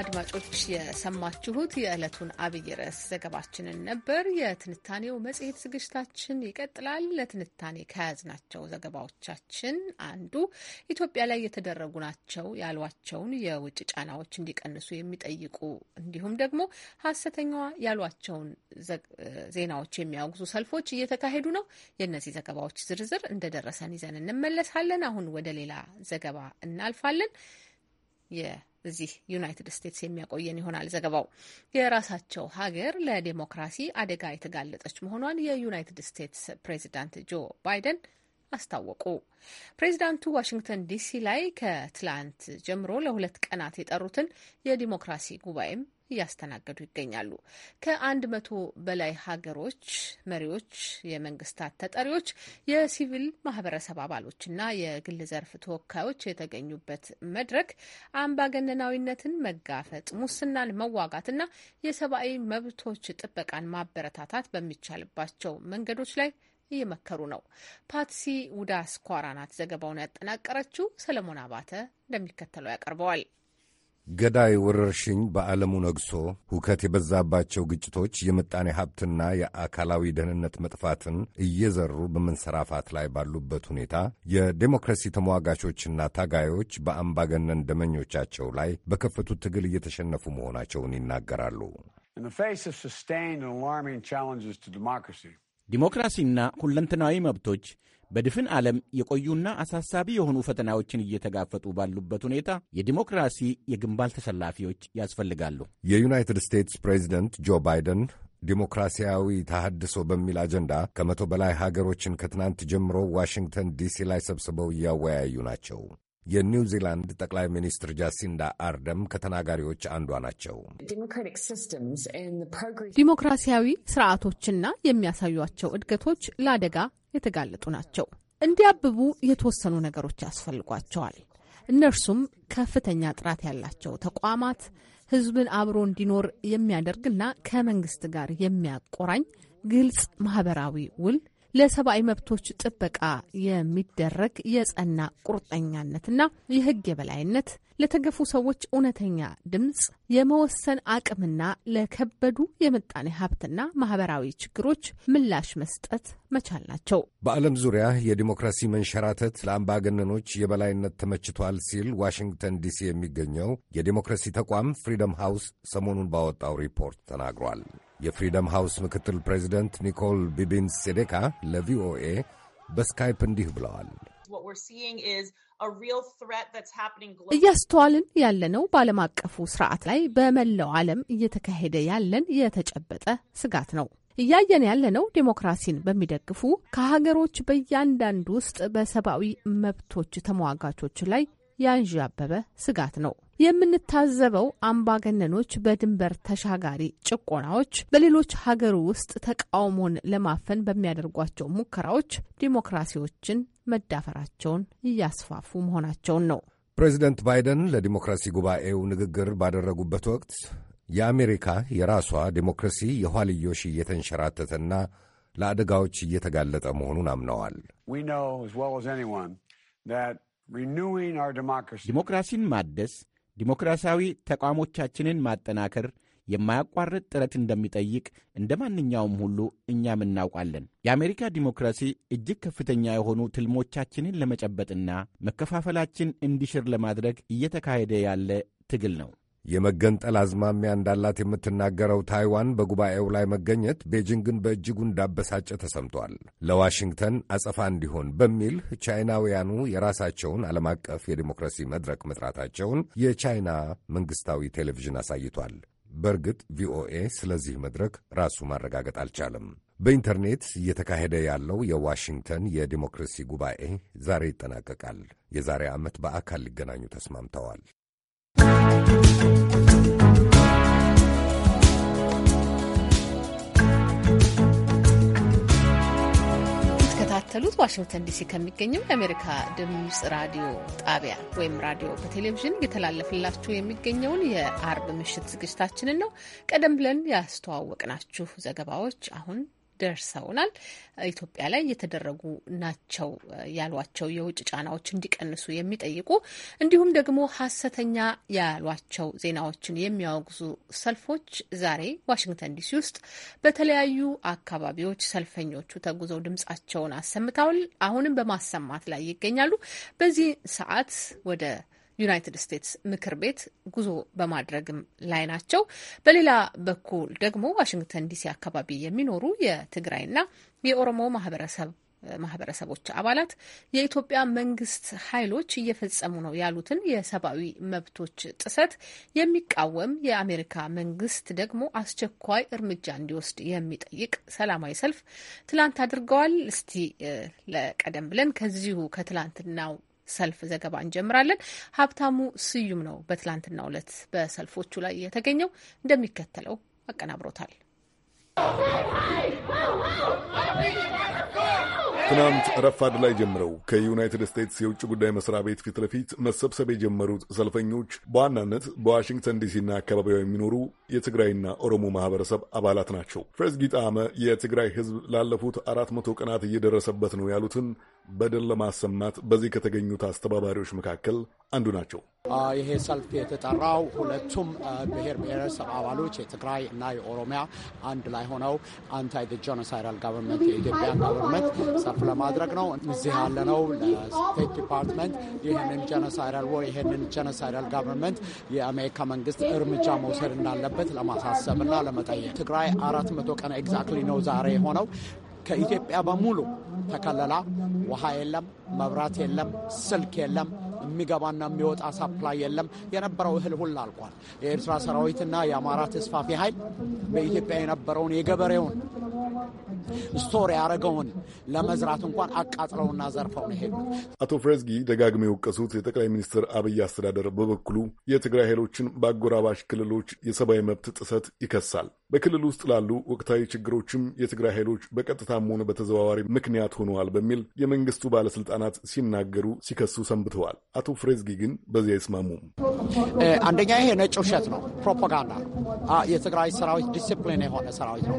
አድማጮች የሰማችሁት የዕለቱን አብይ ርዕስ ዘገባችንን ነበር። የትንታኔው መጽሔት ዝግጅታችን ይቀጥላል። ለትንታኔ ከያዝናቸው ዘገባዎቻችን አንዱ ኢትዮጵያ ላይ የተደረጉ ናቸው ያሏቸውን የውጭ ጫናዎች እንዲቀንሱ የሚጠይቁ እንዲሁም ደግሞ ሀሰተኛ ያሏቸውን ዜናዎች የሚያወግዙ ሰልፎች እየተካሄዱ ነው። የእነዚህ ዘገባዎች ዝርዝር እንደደረሰን ይዘን እንመለሳለን። አሁን ወደ ሌላ ዘገባ እናልፋለን። እዚህ ዩናይትድ ስቴትስ የሚያቆየን ይሆናል ዘገባው። የራሳቸው ሀገር ለዴሞክራሲ አደጋ የተጋለጠች መሆኗን የዩናይትድ ስቴትስ ፕሬዚዳንት ጆ ባይደን አስታወቁ። ፕሬዚዳንቱ ዋሽንግተን ዲሲ ላይ ከትላንት ጀምሮ ለሁለት ቀናት የጠሩትን የዲሞክራሲ ጉባኤም እያስተናገዱ ይገኛሉ። ከአንድ መቶ በላይ ሀገሮች መሪዎች፣ የመንግስታት ተጠሪዎች፣ የሲቪል ማህበረሰብ አባሎችና የግል ዘርፍ ተወካዮች የተገኙበት መድረክ አምባገነናዊነትን መጋፈጥ፣ ሙስናን መዋጋትና የሰብአዊ መብቶች ጥበቃን ማበረታታት በሚቻልባቸው መንገዶች ላይ እየመከሩ ነው። ፓትሲ ውዳስኳራ ናት ዘገባውን ያጠናቀረችው። ሰለሞን አባተ እንደሚከተለው ያቀርበዋል። ገዳይ ወረርሽኝ በዓለሙ ነግሶ ሁከት የበዛባቸው ግጭቶች የምጣኔ ሀብትና የአካላዊ ደህንነት መጥፋትን እየዘሩ በመንሰራፋት ላይ ባሉበት ሁኔታ የዴሞክራሲ ተሟጋቾችና ታጋዮች በአምባገነን ደመኞቻቸው ላይ በከፈቱት ትግል እየተሸነፉ መሆናቸውን ይናገራሉ። ዲሞክራሲና ሁለንተናዊ መብቶች በድፍን ዓለም የቆዩና አሳሳቢ የሆኑ ፈተናዎችን እየተጋፈጡ ባሉበት ሁኔታ የዲሞክራሲ የግንባር ተሰላፊዎች ያስፈልጋሉ። የዩናይትድ ስቴትስ ፕሬዚደንት ጆ ባይደን ዲሞክራሲያዊ ተሃድሶ በሚል አጀንዳ ከመቶ በላይ ሀገሮችን ከትናንት ጀምሮ ዋሽንግተን ዲሲ ላይ ሰብስበው እያወያዩ ናቸው። የኒውዚላንድ ጠቅላይ ሚኒስትር ጃሲንዳ አርደም ከተናጋሪዎች አንዷ ናቸው። ዲሞክራሲያዊ ስርዓቶችና የሚያሳዩቸው እድገቶች ለአደጋ የተጋለጡ ናቸው። እንዲያብቡ የተወሰኑ ነገሮች ያስፈልጓቸዋል። እነርሱም ከፍተኛ ጥራት ያላቸው ተቋማት፣ ህዝብን አብሮ እንዲኖር የሚያደርግና ከመንግስት ጋር የሚያቆራኝ ግልጽ ማህበራዊ ውል ለሰብአዊ መብቶች ጥበቃ የሚደረግ የጸና ቁርጠኛነትና የህግ የበላይነት ለተገፉ ሰዎች እውነተኛ ድምፅ የመወሰን አቅምና ለከበዱ የምጣኔ ሀብትና ማህበራዊ ችግሮች ምላሽ መስጠት መቻል ናቸው። በዓለም ዙሪያ የዲሞክራሲ መንሸራተት ለአምባገነኖች የበላይነት ተመችቷል ሲል ዋሽንግተን ዲሲ የሚገኘው የዲሞክራሲ ተቋም ፍሪደም ሃውስ ሰሞኑን ባወጣው ሪፖርት ተናግሯል። የፍሪደም ሃውስ ምክትል ፕሬዚደንት ኒኮል ቢቢን ሴዴካ ለቪኦኤ በስካይፕ እንዲህ ብለዋል። እያስተዋልን ያለነው በዓለም አቀፉ ስርዓት ላይ በመላው ዓለም እየተካሄደ ያለን የተጨበጠ ስጋት ነው። እያየን ያለነው ዴሞክራሲን በሚደግፉ ከሀገሮች በእያንዳንዱ ውስጥ በሰብአዊ መብቶች ተሟጋቾች ላይ ያንዣበበ ስጋት ነው። የምንታዘበው አምባገነኖች በድንበር ተሻጋሪ ጭቆናዎች፣ በሌሎች ሀገር ውስጥ ተቃውሞን ለማፈን በሚያደርጓቸው ሙከራዎች ዲሞክራሲዎችን መዳፈራቸውን እያስፋፉ መሆናቸውን ነው። ፕሬዚደንት ባይደን ለዲሞክራሲ ጉባኤው ንግግር ባደረጉበት ወቅት የአሜሪካ የራሷ ዲሞክራሲ የኋልዮሽ እየተንሸራተተና ለአደጋዎች እየተጋለጠ መሆኑን አምነዋል። ዲሞክራሲን ማደስ፣ ዲሞክራሲያዊ ተቋሞቻችንን ማጠናከር የማያቋርጥ ጥረት እንደሚጠይቅ እንደ ማንኛውም ሁሉ እኛም እናውቃለን። የአሜሪካ ዲሞክራሲ እጅግ ከፍተኛ የሆኑ ትልሞቻችንን ለመጨበጥና መከፋፈላችን እንዲሽር ለማድረግ እየተካሄደ ያለ ትግል ነው። የመገንጠል አዝማሚያ እንዳላት የምትናገረው ታይዋን በጉባኤው ላይ መገኘት ቤጂንግን በእጅጉ እንዳበሳጨ ተሰምቷል። ለዋሽንግተን አጸፋ እንዲሆን በሚል ቻይናውያኑ የራሳቸውን ዓለም አቀፍ የዲሞክራሲ መድረክ መጥራታቸውን የቻይና መንግሥታዊ ቴሌቪዥን አሳይቷል። በእርግጥ ቪኦኤ ስለዚህ መድረክ ራሱ ማረጋገጥ አልቻለም። በኢንተርኔት እየተካሄደ ያለው የዋሽንግተን የዲሞክራሲ ጉባኤ ዛሬ ይጠናቀቃል። የዛሬ ዓመት በአካል ሊገናኙ ተስማምተዋል። የምትከታተሉት ዋሽንግተን ዲሲ ከሚገኘው የአሜሪካ ድምፅ ራዲዮ ጣቢያ ወይም ራዲዮ በቴሌቪዥን እየተላለፍላችሁ የሚገኘውን የአርብ ምሽት ዝግጅታችንን ነው። ቀደም ብለን ያስተዋወቅናችሁ ዘገባዎች አሁን ደርሰውናል። ኢትዮጵያ ላይ የተደረጉ ናቸው ያሏቸው የውጭ ጫናዎች እንዲቀንሱ የሚጠይቁ እንዲሁም ደግሞ ሀሰተኛ ያሏቸው ዜናዎችን የሚያወግዙ ሰልፎች ዛሬ ዋሽንግተን ዲሲ ውስጥ በተለያዩ አካባቢዎች ሰልፈኞቹ ተጉዘው ድምጻቸውን አሰምተዋል። አሁንም በማሰማት ላይ ይገኛሉ። በዚህ ሰዓት ወደ ዩናይትድ ስቴትስ ምክር ቤት ጉዞ በማድረግም ላይ ናቸው። በሌላ በኩል ደግሞ ዋሽንግተን ዲሲ አካባቢ የሚኖሩ የትግራይና የኦሮሞ ማህበረሰብ ማህበረሰቦች አባላት የኢትዮጵያ መንግስት ኃይሎች እየፈጸሙ ነው ያሉትን የሰብአዊ መብቶች ጥሰት የሚቃወም የአሜሪካ መንግስት ደግሞ አስቸኳይ እርምጃ እንዲወስድ የሚጠይቅ ሰላማዊ ሰልፍ ትላንት አድርገዋል። እስቲ ለቀደም ብለን ከዚሁ ከትላንትናው ሰልፍ ዘገባ እንጀምራለን። ሀብታሙ ስዩም ነው በትላንትናው ዕለት በሰልፎቹ ላይ የተገኘው፣ እንደሚከተለው አቀናብሮታል። ትናንት ረፋድ ላይ ጀምረው ከዩናይትድ ስቴትስ የውጭ ጉዳይ መስሪያ ቤት ፊት ለፊት መሰብሰብ የጀመሩት ሰልፈኞች በዋናነት በዋሽንግተን ዲሲና አካባቢዋ የሚኖሩ የትግራይና ኦሮሞ ማህበረሰብ አባላት ናቸው። ፍሬዝ ጊጣመ የትግራይ ሕዝብ ላለፉት አራት መቶ ቀናት እየደረሰበት ነው ያሉትን በደል ለማሰማት በዚህ ከተገኙት አስተባባሪዎች መካከል አንዱ ናቸው። ይሄ ሰልፍ የተጠራው ሁለቱም ብሔር ብሔረሰብ አባሎች የትግራይ እና የኦሮሚያ አንድ ላይ ሆነው አንታይ ጆኖሳይዳል ጋቨርንመንት የኢትዮጵያ ጋቨርንመንት ሰልፍ ለማድረግ ነው። እዚህ ያለነው ለስቴት ዲፓርትመንት ይህንን ጆኖሳይዳል ወ ይህንን ጆኖሳይዳል ጋቨርንመንት የአሜሪካ መንግስት እርምጃ መውሰድ እንዳለበት ለማሳሰብ እና ለመጠየቅ ትግራይ አራት መቶ ቀን ኤግዛክትሊ ነው ዛሬ የሆነው ከኢትዮጵያ በሙሉ ተከለላ። ውሃ የለም፣ መብራት የለም፣ ስልክ የለም፣ የሚገባና የሚወጣ ሳፕላይ የለም። የነበረው እህል ሁላ አልቋል። የኤርትራ ሰራዊትና የአማራ ተስፋፊ ኃይል በኢትዮጵያ የነበረውን የገበሬውን ስቶር ያደረገውን ለመዝራት እንኳን አቃጥለውና ዘርፈው ነው ሄዱ። አቶ ፍሬዝጊ ደጋግመው የወቀሱት የጠቅላይ ሚኒስትር አብይ አስተዳደር በበኩሉ የትግራይ ኃይሎችን በአጎራባሽ ክልሎች የሰብአዊ መብት ጥሰት ይከሳል። በክልል ውስጥ ላሉ ወቅታዊ ችግሮችም የትግራይ ኃይሎች በቀጥታም ሆነ በተዘዋዋሪ ምክንያት ሆነዋል በሚል የመንግስቱ ባለስልጣናት ሲናገሩ፣ ሲከሱ ሰንብተዋል። አቶ ፍሬዝጊ ግን በዚህ አይስማሙም። አንደኛ ይሄ ነጭ ውሸት ነው፣ ፕሮፓጋንዳ ነው። የትግራይ ሰራዊት ዲስፕሊን የሆነ ሰራዊት ነው።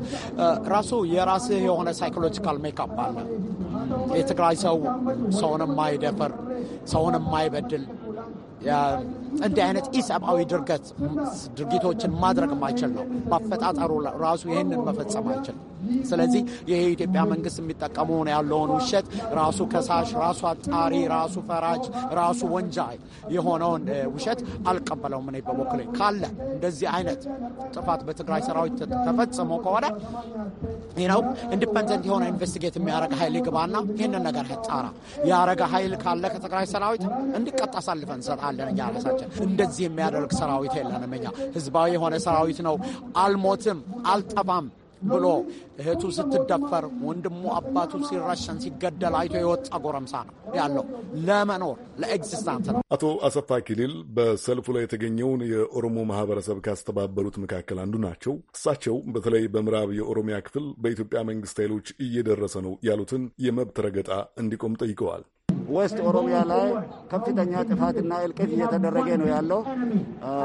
ራሱ የራስህ የሆነ ሳይኮሎጂካል ሜካፕ አለ። የትግራይ ሰው ሰውን የማይደፍር ሰውን የማይበድል እንዲህ አይነት ኢሰብአዊ ድርገት ድርጊቶችን ማድረግ ማይችል ነው። በአፈጣጠሩ ራሱ ይህንን መፈጸም አይችል። ስለዚህ ይህ የኢትዮጵያ መንግስት የሚጠቀሙ ያለውን ውሸት ራሱ ከሳሽ፣ ራሱ አጣሪ፣ ራሱ ፈራጅ፣ ራሱ ወንጃ የሆነውን ውሸት አልቀበለውም። እኔ በበኩሌ ካለ እንደዚህ አይነት ጥፋት በትግራይ ሰራዊት ተፈጽሞ ከሆነ ነው ኢንዲፐንደንት የሆነ ኢንቨስቲጌት የሚያደረግ ኃይል ይግባና ይህንን ነገር ጣራ ያረገ ኃይል ካለ ከትግራይ ሰራዊት እንዲቀጣ አሳልፈን እንሰጣለን እኛ ራሳችን እንደዚህ የሚያደርግ ሰራዊት የለንም። እኛ ህዝባዊ የሆነ ሰራዊት ነው። አልሞትም፣ አልጠፋም ብሎ እህቱ ስትደፈር ወንድሙ አባቱ ሲረሸን ሲገደል አይቶ የወጣ ጎረምሳ ነው ያለው። ለመኖር ለኤግዚስታንት ነው። አቶ አሰፋ ኪሊል በሰልፉ ላይ የተገኘውን የኦሮሞ ማህበረሰብ ካስተባበሩት መካከል አንዱ ናቸው። እሳቸው በተለይ በምዕራብ የኦሮሚያ ክፍል በኢትዮጵያ መንግስት ኃይሎች እየደረሰ ነው ያሉትን የመብት ረገጣ እንዲቆም ጠይቀዋል። ዌስት ኦሮሚያ ላይ ከፍተኛ ጥፋትና እልቂት እየተደረገ ነው ያለው።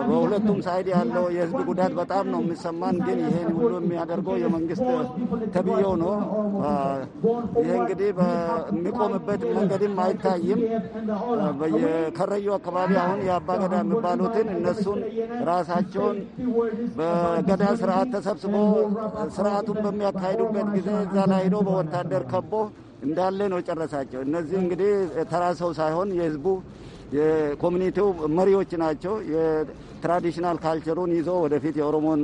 በሁለቱም ሳይድ ያለው የህዝብ ጉዳት በጣም ነው የሚሰማን። ግን ይሄን ሁሉ የሚያደርገው የመንግስት ተብዬው ነው። ይሄ እንግዲህ በሚቆምበት መንገድም አይታይም። በየከረዩ አካባቢ አሁን የአባ ገዳ የሚባሉትን እነሱን ራሳቸውን በገዳ ስርዓት ተሰብስቦ ስርዓቱን በሚያካሂዱበት ጊዜ እዛ ላይ ሄዶ በወታደር ከቦ እንዳለ ነው ጨረሳቸው። እነዚህ እንግዲህ ተራ ሰው ሳይሆን የህዝቡ የኮሚኒቲው መሪዎች ናቸው። የትራዲሽናል ካልቸሩን ይዞ ወደፊት የኦሮሞን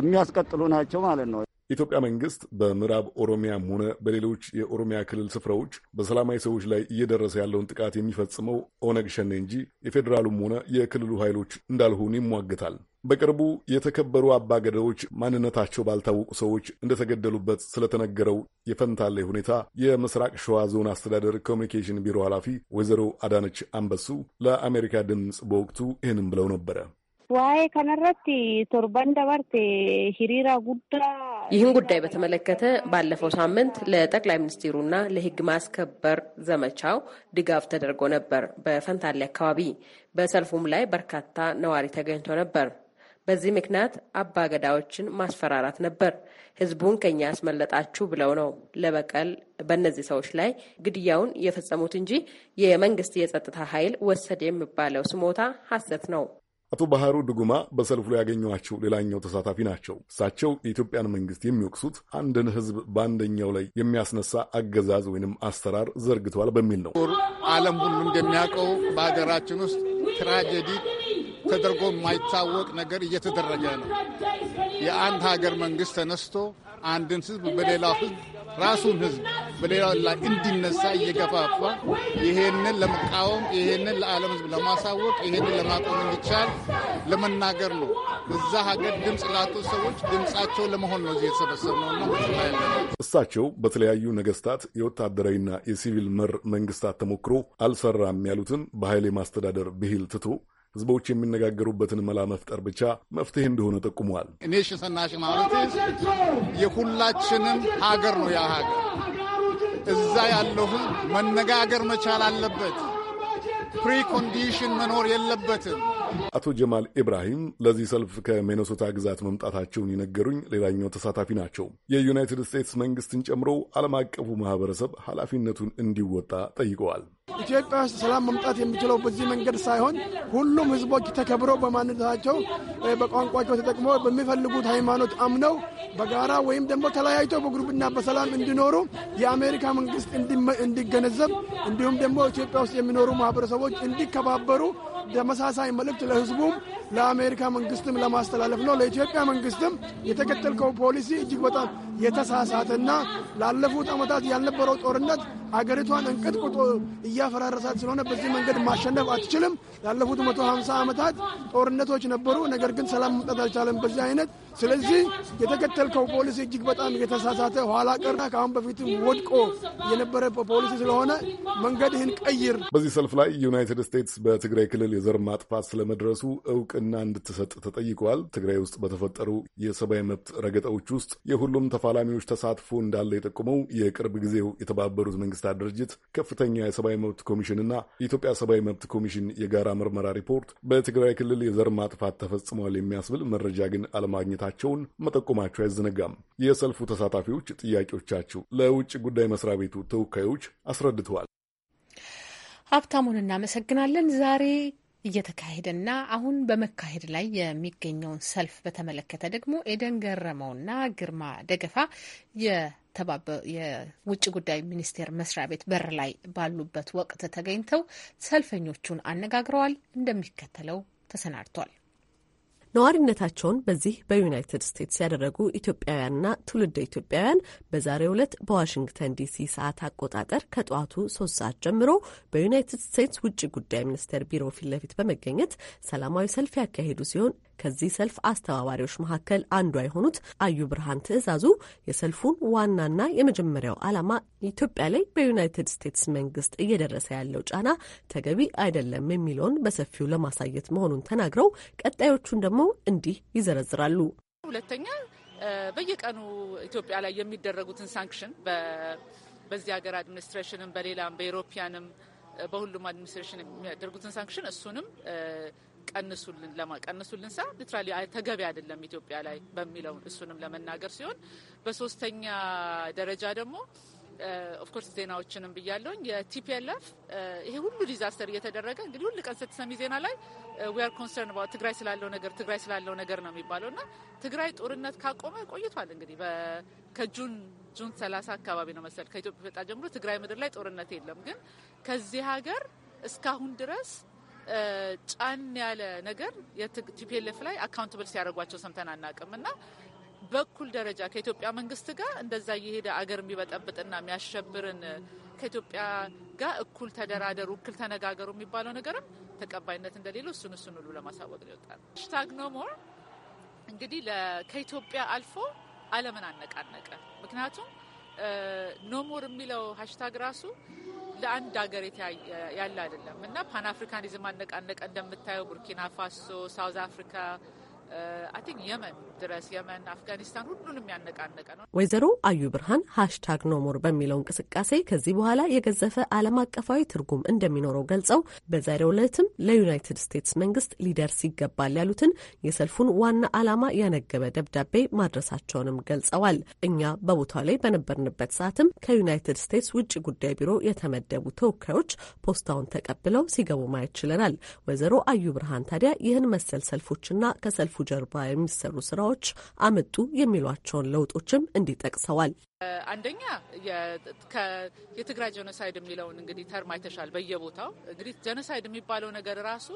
የሚያስቀጥሉ ናቸው ማለት ነው። የኢትዮጵያ መንግስት በምዕራብ ኦሮሚያም ሆነ በሌሎች የኦሮሚያ ክልል ስፍራዎች በሰላማዊ ሰዎች ላይ እየደረሰ ያለውን ጥቃት የሚፈጽመው ኦነግ ሸኔ እንጂ የፌዴራሉም ሆነ የክልሉ ኃይሎች እንዳልሆኑ ይሟግታል። በቅርቡ የተከበሩ አባገዳዎች ማንነታቸው ባልታወቁ ሰዎች እንደተገደሉበት ስለተነገረው የፈንታሌ ሁኔታ የምስራቅ ሸዋ ዞን አስተዳደር ኮሚኒኬሽን ቢሮ ኃላፊ ወይዘሮ አዳነች አንበሱ ለአሜሪካ ድምፅ በወቅቱ ይህንም ብለው ነበረ። ዋይ ከነረት ቶርባን ደበርት ሂሪራ ጉዳ ይህን ጉዳይ በተመለከተ ባለፈው ሳምንት ለጠቅላይ ሚኒስትሩና ለሕግ ማስከበር ዘመቻው ድጋፍ ተደርጎ ነበር። በፈንታሌ አካባቢ በሰልፉም ላይ በርካታ ነዋሪ ተገኝቶ ነበር። በዚህ ምክንያት አባገዳዎችን ማስፈራራት ነበር። ህዝቡን ከኛ ያስመለጣችሁ ብለው ነው ለበቀል በእነዚህ ሰዎች ላይ ግድያውን የፈጸሙት እንጂ የመንግስት የጸጥታ ኃይል ወሰድ የሚባለው ስሞታ ሐሰት ነው። አቶ ባህሩ ድጉማ በሰልፉ ላይ ያገኘኋቸው ሌላኛው ተሳታፊ ናቸው። እሳቸው የኢትዮጵያን መንግስት የሚወቅሱት አንድን ህዝብ በአንደኛው ላይ የሚያስነሳ አገዛዝ ወይንም አሰራር ዘርግቷል በሚል ነው። ዓለም ሁሉ እንደሚያውቀው በሀገራችን ውስጥ ትራጀዲ ተደርጎ የማይታወቅ ነገር እየተደረገ ነው። የአንድ ሀገር መንግስት ተነስቶ አንድን ህዝብ በሌላው ህዝብ ራሱን ህዝብ በሌላው ላይ እንዲነሳ እየገፋፋ ይሄንን ለመቃወም ይሄንን ለዓለም ህዝብ ለማሳወቅ ይሄንን ለማቆም እንዲቻል ለመናገር ነው። እዛ ሀገር ድምፅ ላጡ ሰዎች ድምፃቸው ለመሆን ነው እዚህ የተሰበሰብ ነውና እሳቸው በተለያዩ ነገስታት የወታደራዊና የሲቪል መር መንግስታት ተሞክሮ አልሰራም ያሉትን በኃይል የማስተዳደር ብሂል ትቶ ህዝቦች የሚነጋገሩበትን መላ መፍጠር ብቻ መፍትሄ እንደሆነ ጠቁመዋል። የሁላችንም ሀገር ነው። ያ ሀገር እዛ ያለሁም መነጋገር መቻል አለበት። ፕሪኮንዲሽን መኖር የለበትም። አቶ ጀማል ኢብራሂም ለዚህ ሰልፍ ከሚኔሶታ ግዛት መምጣታቸውን የነገሩኝ ሌላኛው ተሳታፊ ናቸው። የዩናይትድ ስቴትስ መንግስትን ጨምሮ ዓለም አቀፉ ማህበረሰብ ኃላፊነቱን እንዲወጣ ጠይቀዋል። ኢትዮጵያ ውስጥ ሰላም መምጣት የሚችለው በዚህ መንገድ ሳይሆን ሁሉም ህዝቦች ተከብረው በማንነታቸው በቋንቋቸው ተጠቅመው በሚፈልጉት ሃይማኖት አምነው በጋራ ወይም ደግሞ ተለያይተው በግሩብና በሰላም እንዲኖሩ የአሜሪካ መንግስት እንዲገነዘብ እንዲሁም ደግሞ ኢትዮጵያ ውስጥ የሚኖሩ ማህበረሰቦች እንዲከባበሩ ተመሳሳይ መልእክት ለህዝቡም ለአሜሪካ መንግስትም ለማስተላለፍ ነው። ለኢትዮጵያ መንግስትም የተከተልከው ፖሊሲ እጅግ በጣም የተሳሳተና ላለፉት ዓመታት ያልነበረው ጦርነት አገሪቷን እንቅጥቅጦ እያፈራረሳት ስለሆነ በዚህ መንገድ ማሸነፍ አትችልም። ላለፉት መቶ ሃምሳ ዓመታት ጦርነቶች ነበሩ፣ ነገር ግን ሰላም መምጣት አልቻለም። በዚህ አይነት ስለዚህ የተከተልከው ፖሊሲ እጅግ በጣም የተሳሳተ ኋላ ቀርና ከአሁን በፊትም ወድቆ የነበረ ፖሊሲ ስለሆነ መንገድህን ቀይር። በዚህ ሰልፍ ላይ ዩናይትድ ስቴትስ በትግራይ ክልል የዘር ማጥፋት ስለመድረሱ እውቅና እንድትሰጥ ተጠይቋል። ትግራይ ውስጥ በተፈጠሩ የሰብአዊ መብት ረገጣዎች ውስጥ የሁሉም ተፋላሚዎች ተሳትፎ እንዳለ የጠቁመው የቅርብ ጊዜው የተባበሩት መንግስታት ድርጅት ከፍተኛ የሰብአዊ መብት ኮሚሽንና የኢትዮጵያ ሰብአዊ መብት ኮሚሽን የጋራ ምርመራ ሪፖርት በትግራይ ክልል የዘር ማጥፋት ተፈጽመዋል የሚያስብል መረጃ ግን አለማግኘት መሰማታቸውን መጠቆማቸው አይዘነጋም። የሰልፉ ተሳታፊዎች ጥያቄዎቻቸው ለውጭ ጉዳይ መስሪያ ቤቱ ተወካዮች አስረድተዋል። ሀብታሙን እናመሰግናለን። ዛሬ እየተካሄደና አሁን በመካሄድ ላይ የሚገኘውን ሰልፍ በተመለከተ ደግሞ ኤደን ገረመውና ግርማ ደገፋ የውጭ ጉዳይ ሚኒስቴር መስሪያ ቤት በር ላይ ባሉበት ወቅት ተገኝተው ሰልፈኞቹን አነጋግረዋል። እንደሚከተለው ተሰናድቷል። ነዋሪነታቸውን በዚህ በዩናይትድ ስቴትስ ያደረጉ ኢትዮጵያውያንና ትውልደ ኢትዮጵያውያን በዛሬው ዕለት በዋሽንግተን ዲሲ ሰዓት አቆጣጠር ከጠዋቱ ሶስት ሰዓት ጀምሮ በዩናይትድ ስቴትስ ውጭ ጉዳይ ሚኒስቴር ቢሮ ፊት ለፊት በመገኘት ሰላማዊ ሰልፍ ያካሄዱ ሲሆን ከዚህ ሰልፍ አስተባባሪዎች መካከል አንዷ የሆኑት አዩ ብርሃን ትዕዛዙ የሰልፉን ዋናና የመጀመሪያው ዓላማ ኢትዮጵያ ላይ በዩናይትድ ስቴትስ መንግስት እየደረሰ ያለው ጫና ተገቢ አይደለም የሚለውን በሰፊው ለማሳየት መሆኑን ተናግረው ቀጣዮቹን ደግሞ እንዲህ ይዘረዝራሉ። ሁለተኛ በየቀኑ ኢትዮጵያ ላይ የሚደረጉትን ሳንክሽን በዚህ ሀገር አድሚኒስትሬሽንም በሌላም በኢሮፒያንም በሁሉም አድሚኒስትሬሽን የሚያደርጉትን ሳንክሽን እሱንም ቀንሱልን ለማቀንሱልን ሳ ሊትራሊ ተገቢ አይደለም ኢትዮጵያ ላይ በሚለው እሱንም ለመናገር ሲሆን በሶስተኛ ደረጃ ደግሞ ኦፍኮርስ ዜናዎችንም ብያለውኝ የቲፒኤልኤፍ ይሄ ሁሉ ዲዛስተር እየተደረገ እንግዲህ ሁሉ ቀን ስትሰሚ ዜና ላይ ዊር ኮንሰርን ትግራይ ስላለው ነገር ትግራይ ስላለው ነገር ነው የሚባለው እና ትግራይ ጦርነት ካቆመ ቆይቷል። እንግዲህ ከጁን ጁን 30 አካባቢ ነው መሰል ከኢትዮጵያ ፈጣ ጀምሮ ትግራይ ምድር ላይ ጦርነት የለም። ግን ከዚህ ሀገር እስካሁን ድረስ ጫን ያለ ነገር ቲፒኤልኤፍ ላይ አካውንትብል ሲያደርጓቸው ሰምተን አናውቅም እና በኩል ደረጃ ከኢትዮጵያ መንግስት ጋር እንደዛ እየሄደ አገር የሚበጠብጥና የሚያሸብርን ከኢትዮጵያ ጋር እኩል ተደራደሩ፣ እኩል ተነጋገሩ የሚባለው ነገርም ተቀባይነት እንደሌለው እሱን እሱን ሁሉ ለማሳወቅ ነው ይወጣል። ሽታግ ኖ ሞር እንግዲህ ከኢትዮጵያ አልፎ ዓለምን አነቃነቀ። ምክንያቱም ኖሞር የሚለው ሀሽታግ ራሱ ለአንድ ሀገር ያለ አይደለም እና ፓን አፍሪካኒዝም አነቃነቀ እንደምታየው ቡርኪና ፋሶ፣ ሳውዝ አፍሪካ የመን uh, ድረስ የመን፣ አፍጋኒስታን ሁሉንም ያነቃነቀ ነው። ወይዘሮ አዩ ብርሃን ሀሽታግ ኖሞር በሚለው እንቅስቃሴ ከዚህ በኋላ የገዘፈ ዓለም አቀፋዊ ትርጉም እንደሚኖረው ገልጸው በዛሬው ዕለትም ለዩናይትድ ስቴትስ መንግስት ሊደርስ ይገባል ያሉትን የሰልፉን ዋና ዓላማ ያነገበ ደብዳቤ ማድረሳቸውንም ገልጸዋል። እኛ በቦታው ላይ በነበርንበት ሰዓትም ከዩናይትድ ስቴትስ ውጭ ጉዳይ ቢሮ የተመደቡ ተወካዮች ፖስታውን ተቀብለው ሲገቡ ማየት ችለናል። ወይዘሮ አዩ ብርሃን ታዲያ ይህን መሰል ሰልፎችና ከሰልፉ ከዘርፉ ጀርባ የሚሰሩ ስራዎች አመጡ የሚሏቸውን ለውጦችም እንዲህ ጠቅሰዋል። አንደኛ የትግራይ ጀኖሳይድ የሚለውን እንግዲህ ተርም አይተሻል። በየቦታው እንግዲህ ጀኖሳይድ የሚባለው ነገር ራሱ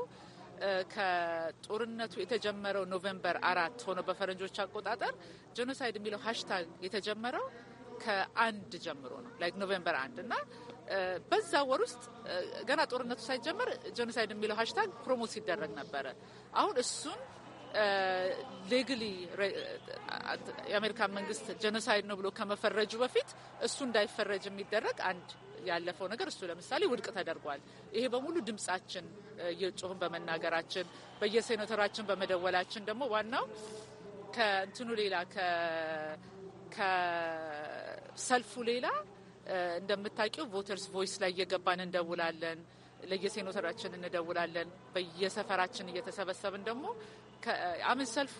ከጦርነቱ የተጀመረው ኖቬምበር አራት ሆኖ በፈረንጆች አቆጣጠር ጀኖሳይድ የሚለው ሀሽታግ የተጀመረው ከአንድ ጀምሮ ነው ላይክ ኖቬምበር አንድ እና በዛ ወር ውስጥ ገና ጦርነቱ ሳይጀመር ጀኖሳይድ የሚለው ሀሽታግ ፕሮሞት ሲደረግ ነበረ። አሁን እሱን ሌግሊ የአሜሪካ መንግስት ጀኖሳይድ ነው ብሎ ከመፈረጁ በፊት እሱ እንዳይፈረጅ የሚደረግ አንድ ያለፈው ነገር እሱ ለምሳሌ ውድቅ ተደርጓል። ይሄ በሙሉ ድምጻችን እየጮህን በመናገራችን በየሴኔተራችን በመደወላችን ደግሞ ዋናው ከእንትኑ ሌላ ከሰልፉ ሌላ እንደምታውቂው ቮተርስ ቮይስ ላይ እየገባን እንደውላለን። ሰራችን እንደውላለን። በየሰፈራችን እየተሰበሰብን ደግሞ አምስት ሰልፉ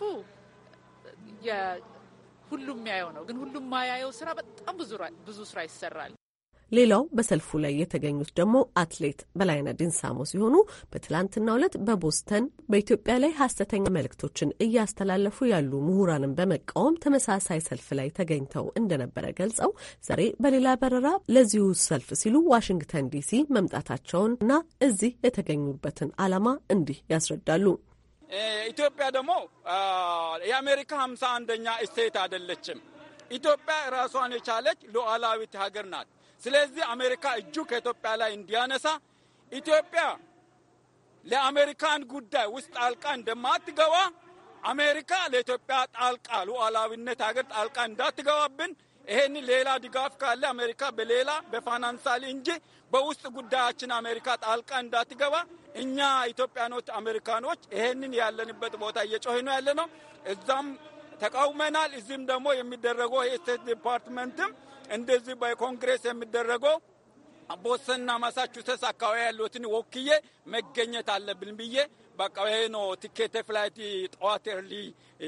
ሁሉም ያየው ነው። ግን ሁሉም ማያየው ስራ በጣም ብዙ ስራ ይሰራል። ሌላው በሰልፉ ላይ የተገኙት ደግሞ አትሌት በላይነህ ድንሳሞ ሲሆኑ በትላንትናው ዕለት በቦስተን በኢትዮጵያ ላይ ሀሰተኛ መልእክቶችን እያስተላለፉ ያሉ ምሁራንን በመቃወም ተመሳሳይ ሰልፍ ላይ ተገኝተው እንደነበረ ገልጸው ዛሬ በሌላ በረራ ለዚሁ ሰልፍ ሲሉ ዋሽንግተን ዲሲ መምጣታቸውን እና እዚህ የተገኙበትን ዓላማ እንዲህ ያስረዳሉ። ኢትዮጵያ ደግሞ የአሜሪካ ሀምሳ አንደኛ ስቴት አይደለችም። ኢትዮጵያ ራሷን የቻለች ሉዓላዊት ሀገር ናት። ስለዚህ አሜሪካ እጁ ከኢትዮጵያ ላይ እንዲያነሳ ኢትዮጵያ ለአሜሪካን ጉዳይ ውስጥ ጣልቃ እንደማትገባ አሜሪካ ለኢትዮጵያ ጣልቃ ሉዓላዊነት ሀገር ጣልቃ እንዳትገባብን ይሄን ሌላ ድጋፍ ካለ አሜሪካ በሌላ በፋይናንሳል እንጂ በውስጥ ጉዳያችን አሜሪካ ጣልቃ እንዳትገባ እኛ ኢትዮጵያኖች አሜሪካኖች ይሄንን ያለንበት ቦታ እየጮህ ነው ያለ ነው። እዛም ተቃውመናል። እዚህም ደግሞ የሚደረገው የስቴት ዲፓርትመንትም እንደዚህ በኮንግሬስ የሚደረገው ቦስተንና ማሳቹሴትስ አካባቢ ያሉትን ወክዬ መገኘት አለብን ብዬ በቃ ይሄ ነው ቲኬቴ ፍላይት ጠዋት ኤርሊ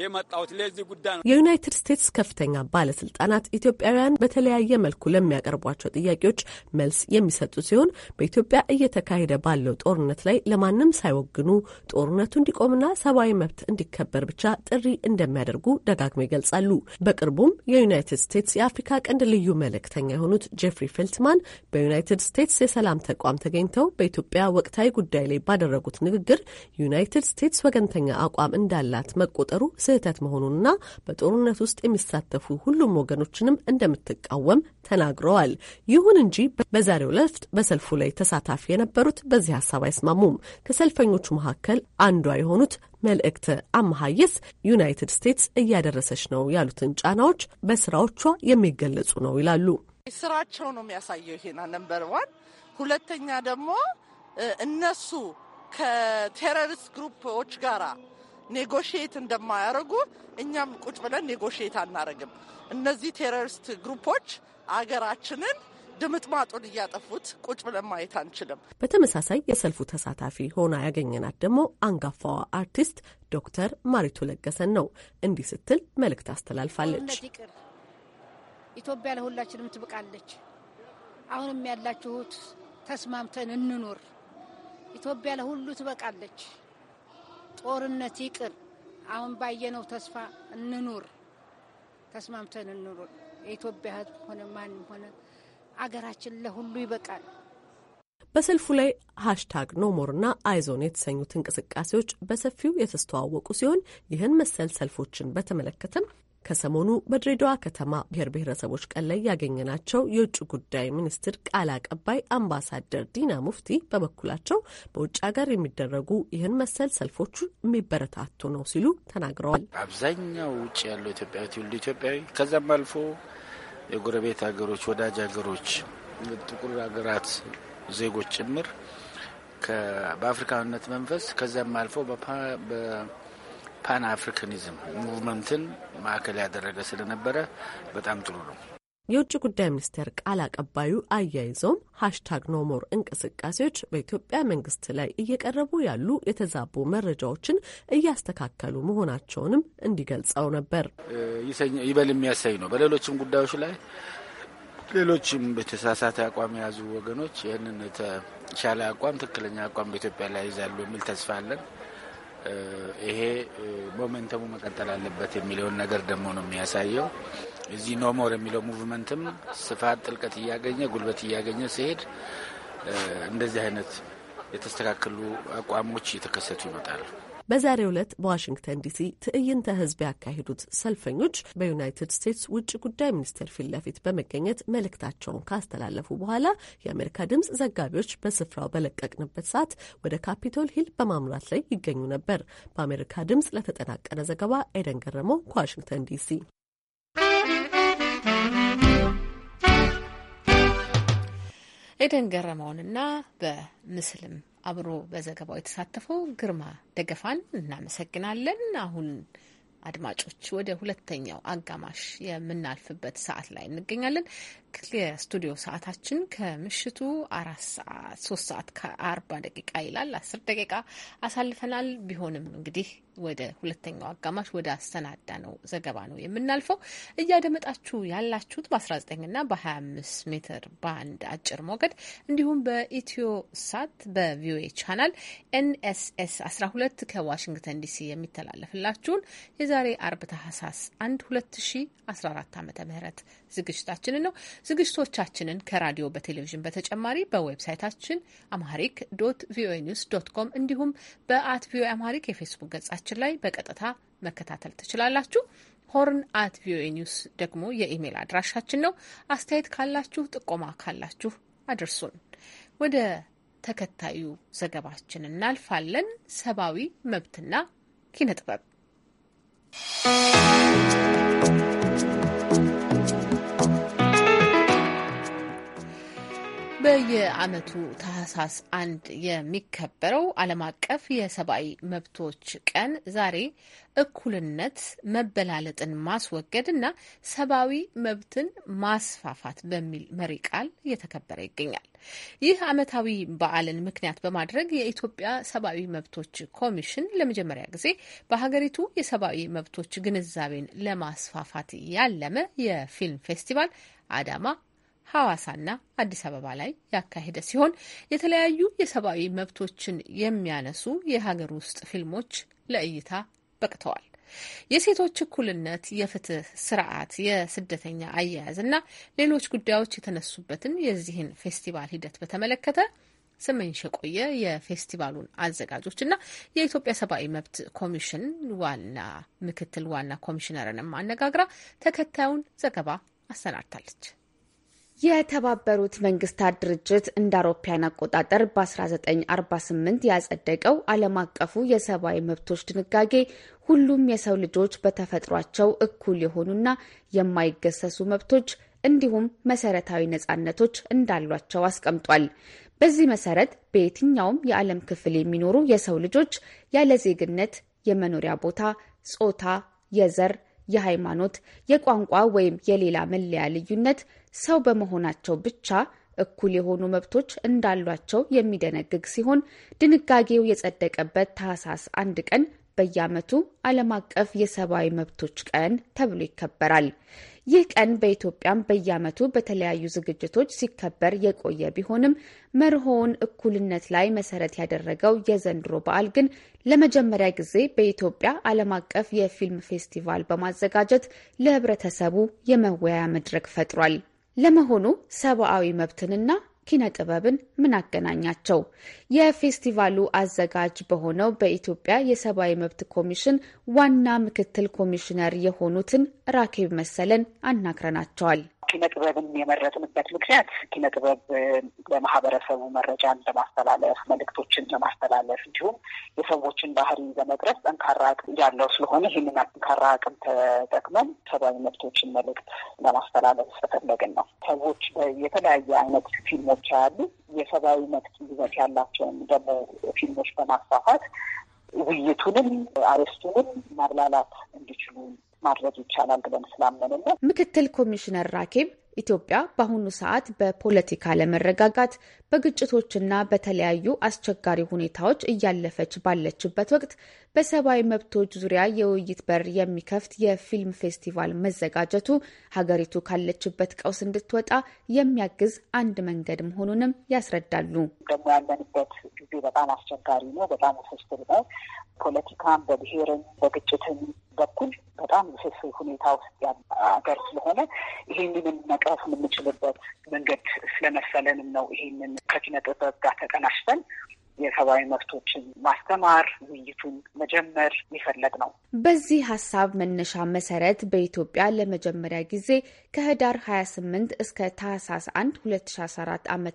የመጣሁት ለዚህ ጉዳይ ነው። የዩናይትድ ስቴትስ ከፍተኛ ባለስልጣናት ኢትዮጵያውያን በተለያየ መልኩ ለሚያቀርቧቸው ጥያቄዎች መልስ የሚሰጡ ሲሆን በኢትዮጵያ እየተካሄደ ባለው ጦርነት ላይ ለማንም ሳይወግኑ ጦርነቱ እንዲቆምና ሰብአዊ መብት እንዲከበር ብቻ ጥሪ እንደሚያደርጉ ደጋግመው ይገልጻሉ። በቅርቡም የዩናይትድ ስቴትስ የአፍሪካ ቀንድ ልዩ መልእክተኛ የሆኑት ጄፍሪ ፌልትማን በዩናይትድ ስቴትስ የሰላም ተቋም ተገኝተው በኢትዮጵያ ወቅታዊ ጉዳይ ላይ ባደረጉት ንግግር ዩናይትድ ስቴትስ ወገንተኛ አቋም እንዳላት መቆጠሩ ስህተት መሆኑንና በጦርነት ውስጥ የሚሳተፉ ሁሉም ወገኖችንም እንደምትቃወም ተናግረዋል። ይሁን እንጂ በዛሬው ዕለት በሰልፉ ላይ ተሳታፊ የነበሩት በዚህ ሀሳብ አይስማሙም። ከሰልፈኞቹ መካከል አንዷ የሆኑት መልእክት አመሀየስ ዩናይትድ ስቴትስ እያደረሰች ነው ያሉትን ጫናዎች በስራዎቿ የሚገለጹ ነው ይላሉ። ስራቸው ነው የሚያሳየው ይሄና ነንበር ዋን። ሁለተኛ ደግሞ እነሱ ከቴሮሪስት ግሩፖች ጋራ ኔጎሽየት እንደማያደርጉ እኛም ቁጭ ብለን ኔጎሽየት አናደርግም። እነዚህ ቴሮሪስት ግሩፖች አገራችንን ድምጥማጡን እያጠፉት ቁጭ ብለን ማየት አንችልም። በተመሳሳይ የሰልፉ ተሳታፊ ሆና ያገኘናት ደግሞ አንጋፋዋ አርቲስት ዶክተር ማሪቱ ለገሰን ነው። እንዲህ ስትል መልእክት አስተላልፋለች። ኢትዮጵያ ለሁላችንም ትብቃለች። አሁንም ያላችሁት ተስማምተን እንኖር። ኢትዮጵያ ለሁሉ ትበቃለች። ጦርነት ይቅር፣ አሁን ባየነው ተስፋ እንኑር፣ ተስማምተን እንኑር። የኢትዮጵያ ሕዝብ ሆነ ማንም ሆነ አገራችን ለሁሉ ይበቃል። በሰልፉ ላይ ሀሽታግ ኖሞርና አይዞን የተሰኙት እንቅስቃሴዎች በሰፊው የተስተዋወቁ ሲሆን ይህን መሰል ሰልፎችን በተመለከተም ከሰሞኑ በድሬዳዋ ከተማ ብሔር ብሔረሰቦች ቀን ላይ ያገኘናቸው የውጭ ጉዳይ ሚኒስትር ቃል አቀባይ አምባሳደር ዲና ሙፍቲ በበኩላቸው በውጭ ሀገር የሚደረጉ ይህን መሰል ሰልፎቹ የሚበረታቱ ነው ሲሉ ተናግረዋል። አብዛኛው ውጭ ያለው ኢትዮጵያዊ ትውልድ ኢትዮጵያዊ ከዛም አልፎ የጎረቤት ሀገሮች ወዳጅ ሀገሮች ጥቁር ሀገራት ዜጎች ጭምር በአፍሪካዊነት መንፈስ ከዚያም አልፎ ፓን አፍሪካኒዝም ሙቭመንትን ማዕከል ያደረገ ስለነበረ በጣም ጥሩ ነው። የውጭ ጉዳይ ሚኒስቴር ቃል አቀባዩ አያይዘውም ሀሽታግ ኖሞር እንቅስቃሴዎች በኢትዮጵያ መንግስት ላይ እየቀረቡ ያሉ የተዛቡ መረጃዎችን እያስተካከሉ መሆናቸውንም እንዲገልጸው ነበር። ይበል የሚያሳይ ነው። በሌሎችም ጉዳዮች ላይ ሌሎችም በተሳሳተ አቋም የያዙ ወገኖች ይህንን የተሻለ አቋም፣ ትክክለኛ አቋም በኢትዮጵያ ላይ ይዛሉ የሚል ተስፋ አለን። ይሄ ሞሜንተሙ መቀጠል አለበት የሚለውን ነገር ደግሞ ነው የሚያሳየው። እዚህ ኖሞር የሚለው ሙቭመንትም ስፋት፣ ጥልቀት እያገኘ ጉልበት እያገኘ ሲሄድ እንደዚህ አይነት የተስተካከሉ አቋሞች እየተከሰቱ ይመጣሉ። በዛሬው ዕለት በዋሽንግተን ዲሲ ትዕይንተ ህዝብ ያካሄዱት ሰልፈኞች በዩናይትድ ስቴትስ ውጭ ጉዳይ ሚኒስቴር ፊት ለፊት በመገኘት መልእክታቸውን ካስተላለፉ በኋላ የአሜሪካ ድምጽ ዘጋቢዎች በስፍራው በለቀቅንበት ሰዓት ወደ ካፒቶል ሂል በማምራት ላይ ይገኙ ነበር። በአሜሪካ ድምጽ ለተጠናቀረ ዘገባ ኤደን ገረመው ከዋሽንግተን ዲሲ። ኤደን ገረመውንና በምስልም አብሮ በዘገባው የተሳተፈው ግርማ ደገፋን እናመሰግናለን። አሁን አድማጮች ወደ ሁለተኛው አጋማሽ የምናልፍበት ሰዓት ላይ እንገኛለን። የስቱዲዮ ሰዓታችን ከምሽቱ አራት ሰዓት ሶስት ሰዓት ከአርባ ደቂቃ ይላል። አስር ደቂቃ አሳልፈናል። ቢሆንም እንግዲህ ወደ ሁለተኛው አጋማሽ ወደ አሰናዳ ነው ዘገባ ነው የምናልፈው። እያደመጣችሁ ያላችሁት በ19ና በ25 ሜትር ባንድ አጭር ሞገድ እንዲሁም በኢትዮ ሳት በቪኦኤ ቻናል ኤንኤስኤስ 12 ከዋሽንግተን ዲሲ የሚተላለፍላችሁን የዛሬ አርብ ታህሳስ 1 2000 14 ዓ ም ዝግጅታችንን ነው። ዝግጅቶቻችንን ከራዲዮ በቴሌቪዥን በተጨማሪ በዌብሳይታችን አማሪክ ዶት ቪኦኤ ኒውስ ዶት ኮም እንዲሁም በአት ቪኦኤ አማሪክ የፌስቡክ ገጻችን ላይ በቀጥታ መከታተል ትችላላችሁ። ሆርን አት ቪኦኤ ኒውስ ደግሞ የኢሜይል አድራሻችን ነው። አስተያየት ካላችሁ፣ ጥቆማ ካላችሁ አድርሱን። ወደ ተከታዩ ዘገባችን እናልፋለን። ሰብአዊ መብትና ኪነ ጥበብ በየዓመቱ ታህሳስ አንድ የሚከበረው ዓለም አቀፍ የሰብአዊ መብቶች ቀን ዛሬ እኩልነት፣ መበላለጥን ማስወገድ እና ሰብአዊ መብትን ማስፋፋት በሚል መሪ ቃል እየተከበረ ይገኛል። ይህ ዓመታዊ በዓልን ምክንያት በማድረግ የኢትዮጵያ ሰብአዊ መብቶች ኮሚሽን ለመጀመሪያ ጊዜ በሀገሪቱ የሰብአዊ መብቶች ግንዛቤን ለማስፋፋት ያለመ የፊልም ፌስቲቫል አዳማ ሐዋሳና አዲስ አበባ ላይ ያካሄደ ሲሆን የተለያዩ የሰብአዊ መብቶችን የሚያነሱ የሀገር ውስጥ ፊልሞች ለእይታ በቅተዋል። የሴቶች እኩልነት፣ የፍትህ ስርዓት፣ የስደተኛ አያያዝ እና ሌሎች ጉዳዮች የተነሱበትን የዚህን ፌስቲቫል ሂደት በተመለከተ ስመኝሽ የቆየ የፌስቲቫሉን አዘጋጆችና የኢትዮጵያ ሰብአዊ መብት ኮሚሽን ዋና ምክትል ዋና ኮሚሽነርንም አነጋግራ ተከታዩን ዘገባ አሰናድታለች። የተባበሩት መንግስታት ድርጅት እንደ አውሮፓያን አቆጣጠር በ1948 ያጸደቀው ዓለም አቀፉ የሰብአዊ መብቶች ድንጋጌ ሁሉም የሰው ልጆች በተፈጥሯቸው እኩል የሆኑና የማይገሰሱ መብቶች እንዲሁም መሰረታዊ ነጻነቶች እንዳሏቸው አስቀምጧል። በዚህ መሰረት በየትኛውም የዓለም ክፍል የሚኖሩ የሰው ልጆች ያለ ዜግነት የመኖሪያ ቦታ፣ ጾታ፣ የዘር፣ የሃይማኖት፣ የቋንቋ ወይም የሌላ መለያ ልዩነት ሰው በመሆናቸው ብቻ እኩል የሆኑ መብቶች እንዳሏቸው የሚደነግግ ሲሆን ድንጋጌው የጸደቀበት ታህሳስ አንድ ቀን በየዓመቱ ዓለም አቀፍ የሰብአዊ መብቶች ቀን ተብሎ ይከበራል። ይህ ቀን በኢትዮጵያም በየዓመቱ በተለያዩ ዝግጅቶች ሲከበር የቆየ ቢሆንም መርሆውን እኩልነት ላይ መሰረት ያደረገው የዘንድሮ በዓል ግን ለመጀመሪያ ጊዜ በኢትዮጵያ ዓለም አቀፍ የፊልም ፌስቲቫል በማዘጋጀት ለሕብረተሰቡ የመወያያ መድረክ ፈጥሯል። ለመሆኑ ሰብአዊ መብትንና ኪነ ጥበብን ምን አገናኛቸው? የፌስቲቫሉ አዘጋጅ በሆነው በኢትዮጵያ የሰብአዊ መብት ኮሚሽን ዋና ምክትል ኮሚሽነር የሆኑትን ራኬብ መሰለን አናግረናቸዋል። ኪነ ጥበብን የመረጥንበት ምክንያት ኪነ ጥበብ ለማህበረሰቡ መረጃን ለማስተላለፍ መልእክቶችን ለማስተላለፍ እንዲሁም የሰዎችን ባህሪ ለመቅረጽ ጠንካራ አቅም ያለው ስለሆነ ይህንን ጠንካራ አቅም ተጠቅመን ሰብአዊ መብቶችን መልእክት ለማስተላለፍ ስለፈለግን ነው። ሰዎች የተለያየ አይነት ፊልሞች ያሉ የሰብአዊ መብት ይዘት ያላቸውን ደግሞ ፊልሞች በማስፋፋት ውይይቱንም አረስቱንም ማብላላት እንዲችሉ ማድረግ ይቻላል ብለን ስላመንነ ምክትል ኮሚሽነር ራኬብ ኢትዮጵያ በአሁኑ ሰዓት በፖለቲካ ለመረጋጋት በግጭቶችና በተለያዩ አስቸጋሪ ሁኔታዎች እያለፈች ባለችበት ወቅት በሰብአዊ መብቶች ዙሪያ የውይይት በር የሚከፍት የፊልም ፌስቲቫል መዘጋጀቱ ሀገሪቱ ካለችበት ቀውስ እንድትወጣ የሚያግዝ አንድ መንገድ መሆኑንም ያስረዳሉ። ደግሞ ያለንበት ጊዜ በጣም አስቸጋሪ ነው። በጣም ውስብስብ ነው። ፖለቲካም በብሔርም በግጭትም በኩል በጣም ውስብስብ ሁኔታ ውስጥ ያለ ሀገር ስለሆነ ይሄንንም መቅረፍ የምንችልበት መንገድ ስለመሰለንም ነው ይሄንን ከኪነ ጥበብ ጋር ተቀናሽተን የሰብአዊ መብቶችን ማስተማር ውይይቱን መጀመር የሚፈለግ ነው። በዚህ ሀሳብ መነሻ መሰረት በኢትዮጵያ ለመጀመሪያ ጊዜ ከህዳር 28 እስከ ታህሳስ 1 2014 ዓ ም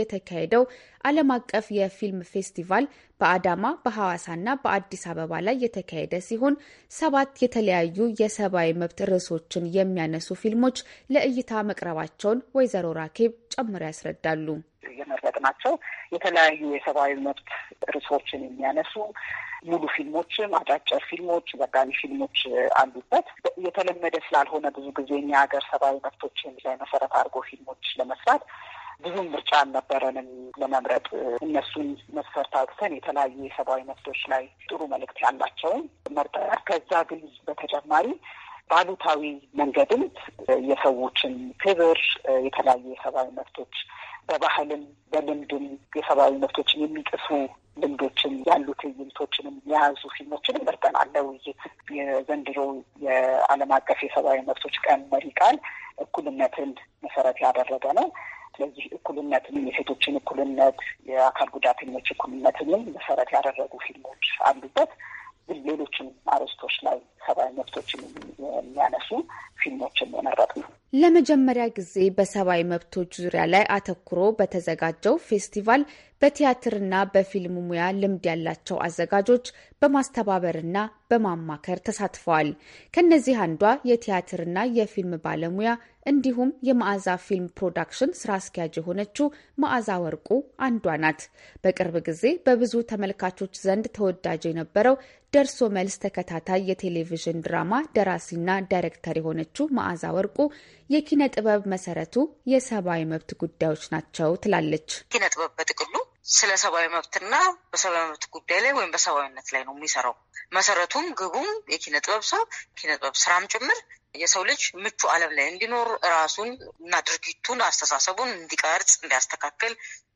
የተካሄደው ዓለም አቀፍ የፊልም ፌስቲቫል በአዳማ በሐዋሳና በአዲስ አበባ ላይ የተካሄደ ሲሆን ሰባት የተለያዩ የሰብአዊ መብት ርዕሶችን የሚያነሱ ፊልሞች ለእይታ መቅረባቸውን ወይዘሮ ራኬብ ጨምረው ያስረዳሉ። ናቸው። የተለያዩ የሰብአዊ መብት ርዕሶችን የሚያነሱ ሙሉ ፊልሞችም አጫጭር ፊልሞች፣ ዘጋቢ ፊልሞች አሉበት። የተለመደ ስላልሆነ ብዙ ጊዜ እኛ ሀገር ሰብአዊ መብቶችን ላይ መሰረት አድርጎ ፊልሞች ለመስራት ብዙም ምርጫ አልነበረንም ለመምረጥ። እነሱን መስፈርት አውጥተን የተለያዩ የሰብአዊ መብቶች ላይ ጥሩ መልእክት ያላቸውን መርጠናል። ከዛ ግን በተጨማሪ በአሉታዊ መንገድም የሰዎችን ክብር፣ የተለያዩ የሰብአዊ መብቶች በባህልም በልምድም የሰብአዊ መብቶችን የሚጥሱ ልምዶችን ያሉ ትዕይንቶችንም የያዙ ፊልሞችንም መርጠናል ለውይይት። የዘንድሮ የዓለም አቀፍ የሰብአዊ መብቶች ቀን መሪ ቃል እኩልነትን መሰረት ያደረገ ነው። ስለዚህ እኩልነትንም የሴቶችን እኩልነት፣ የአካል ጉዳተኞች እኩልነትንም መሰረት ያደረጉ ፊልሞች አሉበት። ሌሎችም አርዕስቶች ላይ ሰብአዊ መብቶችን የሚያነሱ ፊልሞችን የመረጥ ነው። ለመጀመሪያ ጊዜ በሰብአዊ መብቶች ዙሪያ ላይ አተኩሮ በተዘጋጀው ፌስቲቫል በቲያትርና በፊልም ሙያ ልምድ ያላቸው አዘጋጆች በማስተባበርና በማማከር ተሳትፈዋል። ከነዚህ አንዷ የቲያትርና የፊልም ባለሙያ እንዲሁም የመዓዛ ፊልም ፕሮዳክሽን ስራ አስኪያጅ የሆነችው መዓዛ ወርቁ አንዷ ናት። በቅርብ ጊዜ በብዙ ተመልካቾች ዘንድ ተወዳጅ የነበረው ደርሶ መልስ ተከታታይ የቴሌቪዥን ድራማ ደራሲና ዳይሬክተር የሆነችው መዓዛ ወርቁ የኪነ ጥበብ መሰረቱ የሰብአዊ መብት ጉዳዮች ናቸው ትላለች። ኪነ ጥበብ በጥቅሉ ስለ ሰብአዊ መብትና በሰብአዊ መብት ጉዳይ ላይ ወይም በሰብአዊነት ላይ ነው የሚሰራው። መሰረቱም ግቡም የኪነ ጥበብ ሰው ኪነ ጥበብ ስራም ጭምር የሰው ልጅ ምቹ ዓለም ላይ እንዲኖር ራሱን እና ድርጊቱን አስተሳሰቡን እንዲቀርጽ እንዲያስተካክል፣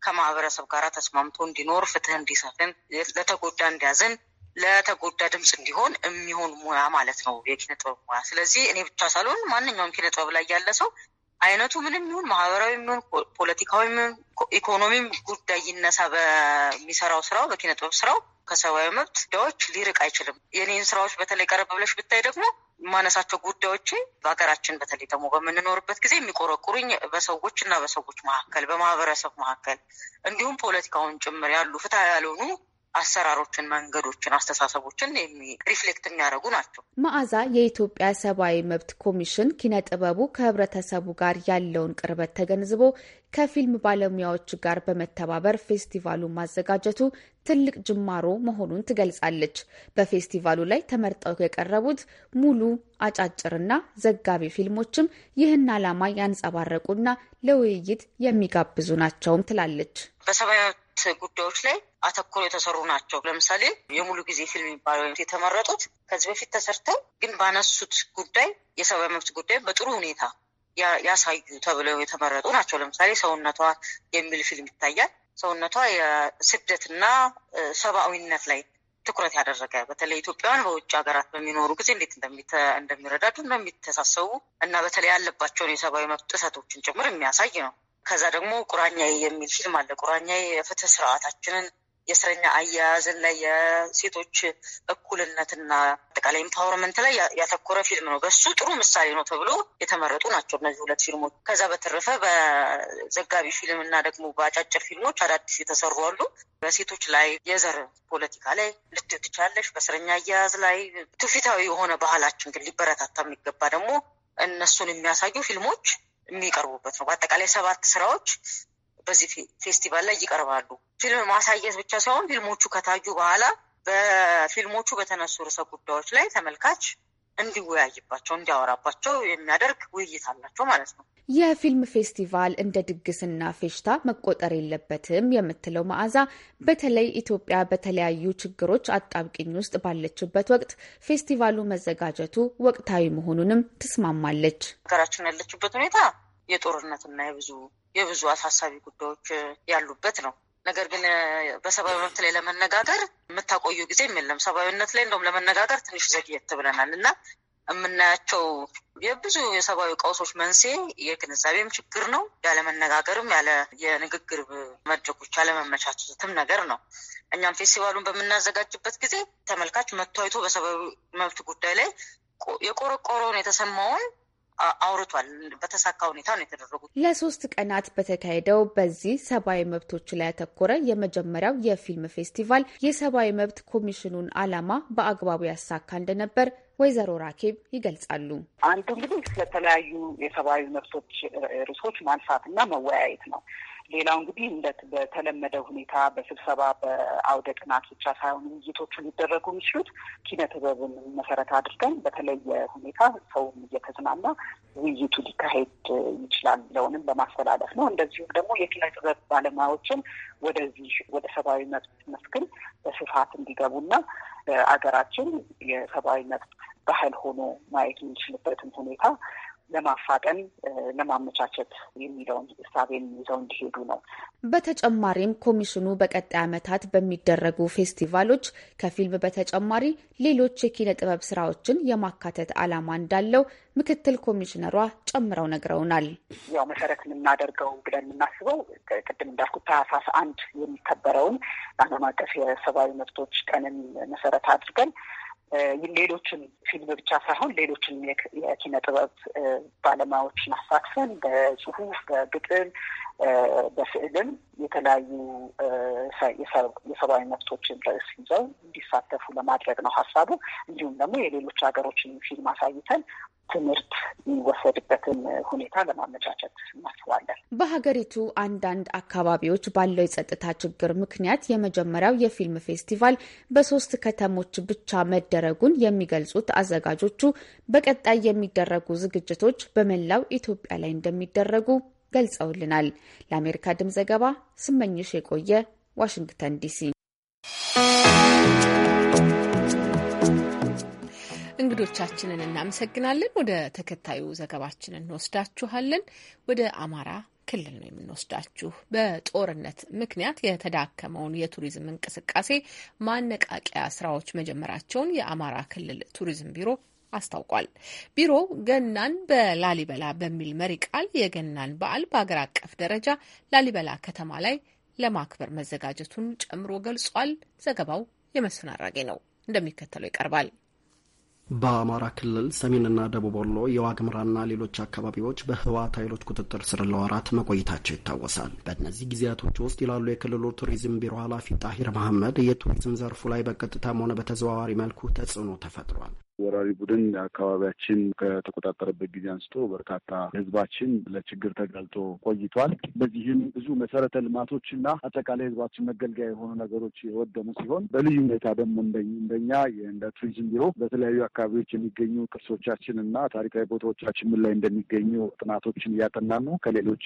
ከማህበረሰብ ጋር ተስማምቶ እንዲኖር፣ ፍትህ እንዲሰፍን፣ ለተጎዳ እንዲያዝን፣ ለተጎዳ ድምፅ እንዲሆን የሚሆን ሙያ ማለት ነው የኪነ ጥበብ ሙያ። ስለዚህ እኔ ብቻ ሳልሆን ማንኛውም ኪነ ጥበብ ላይ ያለ ሰው አይነቱ ምንም ይሁን ማህበራዊ ይሁን ፖለቲካዊ ይሁን ኢኮኖሚም ጉዳይ ይነሳ በሚሰራው ስራው በኪነ ጥበብ ስራው ከሰብአዊ መብት ጉዳዮች ሊርቅ አይችልም። የኔን ስራዎች በተለይ ቀረብ ብለሽ ብታይ ደግሞ የማነሳቸው ጉዳዮች በሀገራችን በተለይ ደግሞ በምንኖርበት ጊዜ የሚቆረቁሩኝ በሰዎች እና በሰዎች መካከል በማህበረሰብ መካከል እንዲሁም ፖለቲካውን ጭምር ያሉ ፍትሀ ያልሆኑ አሰራሮችን፣ መንገዶችን፣ አስተሳሰቦችን ሪፍሌክት የሚያደርጉ ናቸው። መዓዛ የኢትዮጵያ ሰብአዊ መብት ኮሚሽን ኪነ ጥበቡ ከህብረተሰቡ ጋር ያለውን ቅርበት ተገንዝቦ ከፊልም ባለሙያዎች ጋር በመተባበር ፌስቲቫሉን ማዘጋጀቱ ትልቅ ጅማሮ መሆኑን ትገልጻለች። በፌስቲቫሉ ላይ ተመርጠው የቀረቡት ሙሉ አጫጭርና ዘጋቢ ፊልሞችም ይህን ዓላማ ያንጸባረቁና ለውይይት የሚጋብዙ ናቸውም ትላለች። በሰብአዊ ጉዳዮች ላይ አተኩረው የተሰሩ ናቸው። ለምሳሌ የሙሉ ጊዜ ፊልም የሚባለው የተመረጡት ከዚህ በፊት ተሰርተው ግን ባነሱት ጉዳይ የሰብአዊ መብት ጉዳይ በጥሩ ሁኔታ ያሳዩ ተብለው የተመረጡ ናቸው። ለምሳሌ ሰውነቷ የሚል ፊልም ይታያል። ሰውነቷ የስደትና ሰብአዊነት ላይ ትኩረት ያደረገ በተለይ ኢትዮጵያውያን በውጭ ሀገራት በሚኖሩ ጊዜ እንዴት እንደሚረዳዱ እንደሚተሳሰቡ እና በተለይ ያለባቸውን የሰብአዊ መብት ጥሰቶችን ጭምር የሚያሳይ ነው። ከዛ ደግሞ ቁራኛዬ የሚል ፊልም አለ። ቁራኛዬ የፍትህ ስርዓታችንን የእስረኛ አያያዝን ላይ የሴቶች እኩልነትና አጠቃላይ ኢምፓወርመንት ላይ ያተኮረ ፊልም ነው። በሱ ጥሩ ምሳሌ ነው ተብሎ የተመረጡ ናቸው እነዚህ ሁለት ፊልሞች። ከዛ በተረፈ በዘጋቢ ፊልም እና ደግሞ በአጫጭር ፊልሞች አዳዲስ የተሰሩ አሉ። በሴቶች ላይ የዘር ፖለቲካ ላይ ልትዩ ትቻለሽ፣ በእስረኛ አያያዝ ላይ ትውፊታዊ የሆነ ባህላችን ግን ሊበረታታ የሚገባ ደግሞ እነሱን የሚያሳዩ ፊልሞች የሚቀርቡበት ነው። በአጠቃላይ ሰባት ስራዎች በዚህ ፌስቲቫል ላይ ይቀርባሉ። ፊልም ማሳየት ብቻ ሳይሆን ፊልሞቹ ከታዩ በኋላ በፊልሞቹ በተነሱ ርዕሰ ጉዳዮች ላይ ተመልካች እንዲወያይባቸው እንዲያወራባቸው የሚያደርግ ውይይት አላቸው ማለት ነው። የፊልም ፌስቲቫል እንደ ድግስና ፌሽታ መቆጠር የለበትም የምትለው መዓዛ በተለይ ኢትዮጵያ በተለያዩ ችግሮች አጣብቂኝ ውስጥ ባለችበት ወቅት ፌስቲቫሉ መዘጋጀቱ ወቅታዊ መሆኑንም ትስማማለች። ሀገራችን ያለችበት ሁኔታ የጦርነትና የብዙ የብዙ አሳሳቢ ጉዳዮች ያሉበት ነው። ነገር ግን በሰብአዊ መብት ላይ ለመነጋገር የምታቆዩ ጊዜም የለም። ሰብአዊነት ላይ እንደውም ለመነጋገር ትንሽ ዘግየት ብለናል እና የምናያቸው የብዙ የሰብአዊ ቀውሶች መንስኤ የግንዛቤም ችግር ነው። ያለመነጋገርም ያለ የንግግር መድረኮች ያለመመቻቸትም ነገር ነው። እኛም ፌስቲቫሉን በምናዘጋጅበት ጊዜ ተመልካች መቶ አይቶ በሰብአዊ መብት ጉዳይ ላይ የቆረቆረውን የተሰማውን አውርቷል። በተሳካ ሁኔታ ነው የተደረጉት። ለሶስት ቀናት በተካሄደው በዚህ ሰብአዊ መብቶች ላይ ያተኮረ የመጀመሪያው የፊልም ፌስቲቫል የሰብአዊ መብት ኮሚሽኑን ዓላማ በአግባቡ ያሳካ እንደነበር ወይዘሮ ራኬብ ይገልጻሉ። አንዱ እንግዲህ ስለተለያዩ የሰብአዊ መብቶች ርዕሶች እና መወያየት ነው። ሌላው እንግዲህ እንደ በተለመደ ሁኔታ በስብሰባ በአውደ ጥናት ብቻ ሳይሆን ውይይቶቹ ሊደረጉ የሚችሉት ኪነ ጥበብን መሰረት አድርገን በተለየ ሁኔታ ሰውም እየተዝናና ውይይቱ ሊካሄድ ይችላል ብለውንም በማስተላለፍ ነው። እንደዚሁም ደግሞ የኪነ ጥበብ ባለሙያዎችን ወደዚህ ወደ ሰብአዊ መብት መስክን በስፋት እንዲገቡና አገራችን የሰብአዊ መብት ባህል ሆኖ ማየት የሚችልበትን ሁኔታ ለማፋጠን ለማመቻቸት የሚለውን እሳቤ ይዘው እንዲሄዱ ነው። በተጨማሪም ኮሚሽኑ በቀጣይ ዓመታት በሚደረጉ ፌስቲቫሎች ከፊልም በተጨማሪ ሌሎች የኪነ ጥበብ ስራዎችን የማካተት ዓላማ እንዳለው ምክትል ኮሚሽነሯ ጨምረው ነግረውናል። ያው መሰረት የምናደርገው ብለን የምናስበው ቅድም እንዳልኩት ታህሳስ አንድ የሚከበረውን ዓለም አቀፍ የሰብአዊ መብቶች ቀንን መሰረት አድርገን ሌሎችን ፊልም ብቻ ሳይሆን ሌሎችን የኪነ ጥበብ ባለሙያዎችን አሳትፈን በጽሁፍ፣ በግጥም፣ በስዕልም የተለያዩ የሰብአዊ መብቶችን ርዕስ ይዘው እንዲሳተፉ ለማድረግ ነው ሀሳቡ። እንዲሁም ደግሞ የሌሎች ሀገሮችን ፊልም አሳይተን ትምህርት የሚወሰድበትን ሁኔታ ለማመቻቸት እናስባለን። በሀገሪቱ አንዳንድ አካባቢዎች ባለው የጸጥታ ችግር ምክንያት የመጀመሪያው የፊልም ፌስቲቫል በሶስት ከተሞች ብቻ መደረጉን የሚገልጹት አዘጋጆቹ በቀጣይ የሚደረጉ ዝግጅቶች በመላው ኢትዮጵያ ላይ እንደሚደረጉ ገልጸውልናል። ለአሜሪካ ድምፅ ዘገባ ስመኝሽ የቆየ ዋሽንግተን ዲሲ። እንግዶቻችንን እናመሰግናለን። ወደ ተከታዩ ዘገባችን እንወስዳችኋለን። ወደ አማራ ክልል ነው የምንወስዳችሁ። በጦርነት ምክንያት የተዳከመውን የቱሪዝም እንቅስቃሴ ማነቃቂያ ስራዎች መጀመራቸውን የአማራ ክልል ቱሪዝም ቢሮ አስታውቋል። ቢሮው ገናን በላሊበላ በሚል መሪ ቃል የገናን በዓል በአገር አቀፍ ደረጃ ላሊበላ ከተማ ላይ ለማክበር መዘጋጀቱን ጨምሮ ገልጿል። ዘገባው የመስፍን አራጌ ነው፣ እንደሚከተለው ይቀርባል። በአማራ ክልል ሰሜንና ደቡብ ወሎ የዋግምራና ሌሎች አካባቢዎች በህወሓት ኃይሎች ቁጥጥር ስር ለወራት መቆየታቸው ይታወሳል። በእነዚህ ጊዜያቶች ውስጥ ይላሉ የክልሉ ቱሪዝም ቢሮ ኃላፊ ጣሂር መሐመድ፣ የቱሪዝም ዘርፉ ላይ በቀጥታም ሆነ በተዘዋዋሪ መልኩ ተጽዕኖ ተፈጥሯል። ወራሪ ቡድን አካባቢያችን ከተቆጣጠረበት ጊዜ አንስቶ በርካታ ህዝባችን ለችግር ተጋልጦ ቆይቷል። በዚህም ብዙ መሰረተ ልማቶችና አጠቃላይ ህዝባችን መገልገያ የሆኑ ነገሮች የወደሙ ሲሆን በልዩ ሁኔታ ደግሞ እንደኛ እንደ ቱሪዝም ቢሮ በተለያዩ አካባቢዎች የሚገኙ ቅርሶቻችን እና ታሪካዊ ቦታዎቻችን ምን ላይ እንደሚገኙ ጥናቶችን እያጠናን ነው ከሌሎች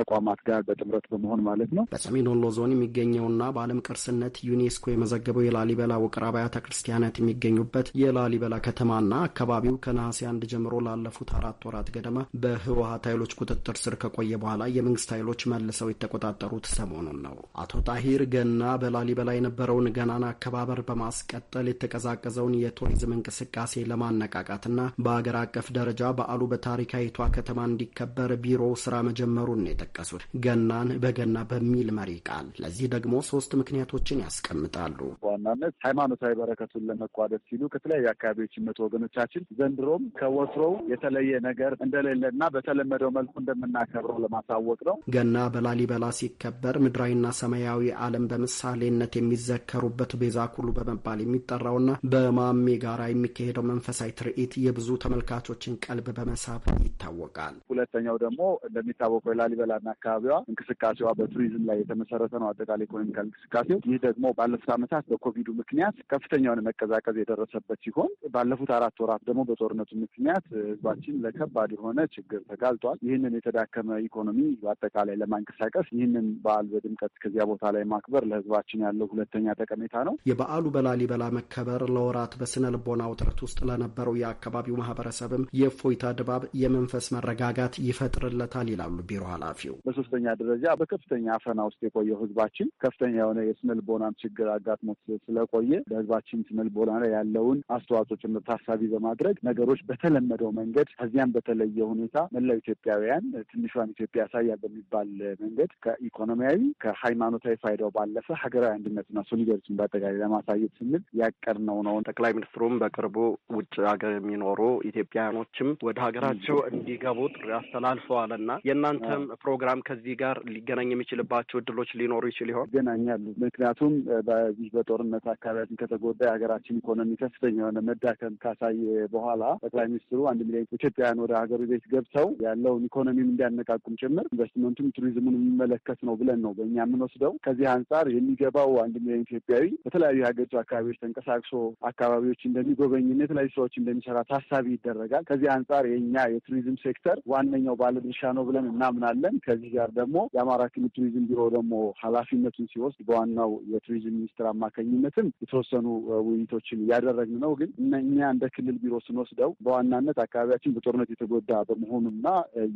ተቋማት ጋር በጥምረት በመሆን ማለት ነው። በሰሜን ወሎ ዞን የሚገኘውና በዓለም ቅርስነት ዩኔስኮ የመዘገበው የላሊበላ ውቅር አብያተ ክርስቲያናት የሚገኙበት የላሊበላ ከተማና አካባቢው ከነሐሴ አንድ ጀምሮ ላለፉት አራት ወራት ገደማ በህወሀት ኃይሎች ቁጥጥር ስር ከቆየ በኋላ የመንግስት ኃይሎች መልሰው የተቆጣጠሩት ሰሞኑን ነው። አቶ ጣሂር ገና በላሊበላ የነበረውን ገናን አከባበር በማስቀጠል የተቀዛቀዘውን የቱሪዝም እንቅስቃሴ ለማነቃቃትና በአገር አቀፍ ደረጃ በዓሉ በታሪካዊቷ ከተማ እንዲከበር ቢሮ ስራ መጀመሩን የጠቀሱት። ገናን በገና በሚል መሪ ቃል ለዚህ ደግሞ ሶስት ምክንያቶችን ያስቀምጣሉ። በዋናነት ሃይማኖታዊ በረከቱን ለመቋደስ ሲሉ ከተለያዩ አካባቢዎች ይመጡ ወገኖቻችን ዘንድሮም ከወትሮው የተለየ ነገር እንደሌለና በተለመደው መልኩ እንደምናከብረው ለማሳወቅ ነው። ገና በላሊበላ ሲከበር ምድራዊና ሰማያዊ ዓለም በምሳሌነት የሚዘከሩበት ቤዛ ኩሉ በመባል የሚጠራውና በማሜ ጋራ የሚካሄደው መንፈሳዊ ትርኢት የብዙ ተመልካቾችን ቀልብ በመሳብ ይታወቃል። ሁለተኛው ደግሞ እንደሚታወቀው የላሊበላና አካባቢዋ እንቅስቃሴዋ በቱሪዝም ላይ የተመሰረተ ነው። አጠቃላይ ኢኮኖሚካል እንቅስቃሴው ይህ ደግሞ ባለፉት ዓመታት በኮቪዱ ምክንያት ከፍተኛውን መቀዛቀዝ የደረሰበት ሲሆን ባለፉት አራት ወራት ደግሞ በጦርነቱ ምክንያት ህዝባችን ለከባድ የሆነ ችግር ተጋልጧል። ይህንን የተዳከመ ኢኮኖሚ በአጠቃላይ ለማንቀሳቀስ ይህንን በዓል በድምቀት ከዚያ ቦታ ላይ ማክበር ለህዝባችን ያለው ሁለተኛ ጠቀሜታ ነው። የበዓሉ በላሊበላ መከበር ለወራት በስነ ልቦና ውጥረት ውስጥ ለነበረው የአካባቢው ማህበረሰብም የእፎይታ ድባብ፣ የመንፈስ መረጋጋት ይፈጥርለታል ይላሉ ቢሮ ኃላፊው። በሶስተኛ ደረጃ በከፍተኛ አፈና ውስጥ የቆየው ህዝባችን ከፍተኛ የሆነ የስነ ልቦናም ችግር አጋጥሞት ስለቆየ ለህዝባችን ስነ ልቦና ላይ ያለውን አስተዋጽኦ ታሳቢ በማድረግ ነገሮች በተለመደው መንገድ ከዚያም በተለየ ሁኔታ መላው ኢትዮጵያውያን ትንሿን ኢትዮጵያ ያሳያል በሚባል መንገድ ከኢኮኖሚያዊ ከሃይማኖታዊ ፋይዳው ባለፈ ሀገራዊ አንድነትና ሶሊደሪቲን በአጠቃላይ ለማሳየት ስንል ያቀድነው ነው። ጠቅላይ ሚኒስትሩም በቅርቡ ውጭ ሀገር የሚኖሩ ኢትዮጵያውያኖችም ወደ ሀገራቸው እንዲገቡ ጥሪ አስተላልፈዋል እና የእናንተም ፕሮግራም ከዚህ ጋር ሊገናኝ የሚችልባቸው እድሎች ሊኖሩ ይችል ይሆን? ይገናኛሉ። ምክንያቱም በዚህ በጦርነት አካባቢ ከተጎዳ የሀገራችን ኢኮኖሚ ከፍተኛ የሆነ መዳከ መዳከም ካሳየ በኋላ ጠቅላይ ሚኒስትሩ አንድ ሚሊዮን ኢትዮጵያውያን ወደ ሀገሩ ቤት ገብተው ያለውን ኢኮኖሚም እንዲያነቃቁም ጭምር ኢንቨስትመንቱም ቱሪዝሙን የሚመለከት ነው ብለን ነው በእኛ የምንወስደው። ከዚህ አንጻር የሚገባው አንድ ሚሊዮን ኢትዮጵያዊ በተለያዩ የሀገሪቱ አካባቢዎች ተንቀሳቅሶ አካባቢዎች እንደሚጎበኝና የተለያዩ ስራዎች እንደሚሰራ ታሳቢ ይደረጋል። ከዚህ አንጻር የእኛ የቱሪዝም ሴክተር ዋነኛው ባለድርሻ ነው ብለን እናምናለን። ከዚህ ጋር ደግሞ የአማራ ክልል ቱሪዝም ቢሮ ደግሞ ኃላፊነቱን ሲወስድ በዋናው የቱሪዝም ሚኒስትር አማካኝነትም የተወሰኑ ውይይቶችን እያደረግን ነው። ግን እኛ እንደ ክልል ቢሮ ስንወስደው በዋናነት አካባቢያችን በጦርነት የተጎዳ በመሆኑና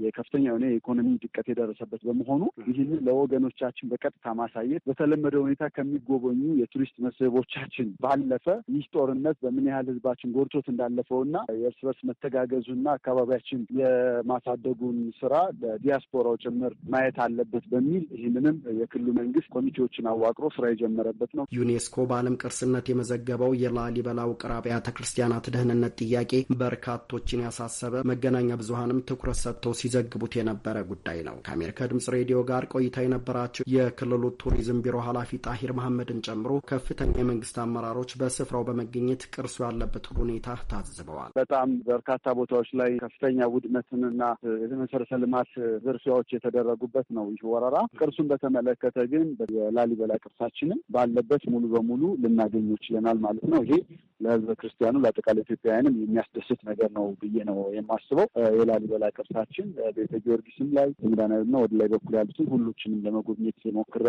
የከፍተኛ የሆነ የኢኮኖሚ ድቀት የደረሰበት በመሆኑ ይህንን ለወገኖቻችን በቀጥታ ማሳየት በተለመደ ሁኔታ ከሚጎበኙ የቱሪስት መስህቦቻችን ባለፈ ይህ ጦርነት በምን ያህል ህዝባችን ጎድቶት እንዳለፈውና የእርስ በርስ መተጋገዙና አካባቢያችን የማሳደጉን ስራ ለዲያስፖራው ጭምር ማየት አለበት በሚል ይህንንም የክልሉ መንግስት ኮሚቴዎችን አዋቅሮ ስራ የጀመረበት ነው። ዩኔስኮ በዓለም ቅርስነት የመዘገበው የላሊበላ ውቅር አብያተ ክርስቲያን የባለስልጣናት ደህንነት ጥያቄ በርካቶችን ያሳሰበ፣ መገናኛ ብዙሀንም ትኩረት ሰጥተው ሲዘግቡት የነበረ ጉዳይ ነው። ከአሜሪካ ድምጽ ሬዲዮ ጋር ቆይታ የነበራቸው የክልሉ ቱሪዝም ቢሮ ኃላፊ ጣሂር መሐመድን ጨምሮ ከፍተኛ የመንግስት አመራሮች በስፍራው በመገኘት ቅርሱ ያለበት ሁኔታ ታዝበዋል። በጣም በርካታ ቦታዎች ላይ ከፍተኛ ውድመትንና የመሰረተ ልማት ዝርፊያዎች የተደረጉበት ነው ይህ ወረራ። ቅርሱን በተመለከተ ግን የላሊበላ ቅርሳችንም ባለበት ሙሉ በሙሉ ልናገኙ ችለናል ማለት ነው። ይሄ ለህዝበ ክርስቲያኑ አጠቃላይ ኢትዮጵያውያንም የሚያስደስት ነገር ነው ብዬ ነው የማስበው። የላሊበላ ቅርሳችን ቤተ ጊዮርጊስም ላይ ሚዳናና ወደ ላይ በኩል ያሉትን ሁሎችንም ለመጎብኘት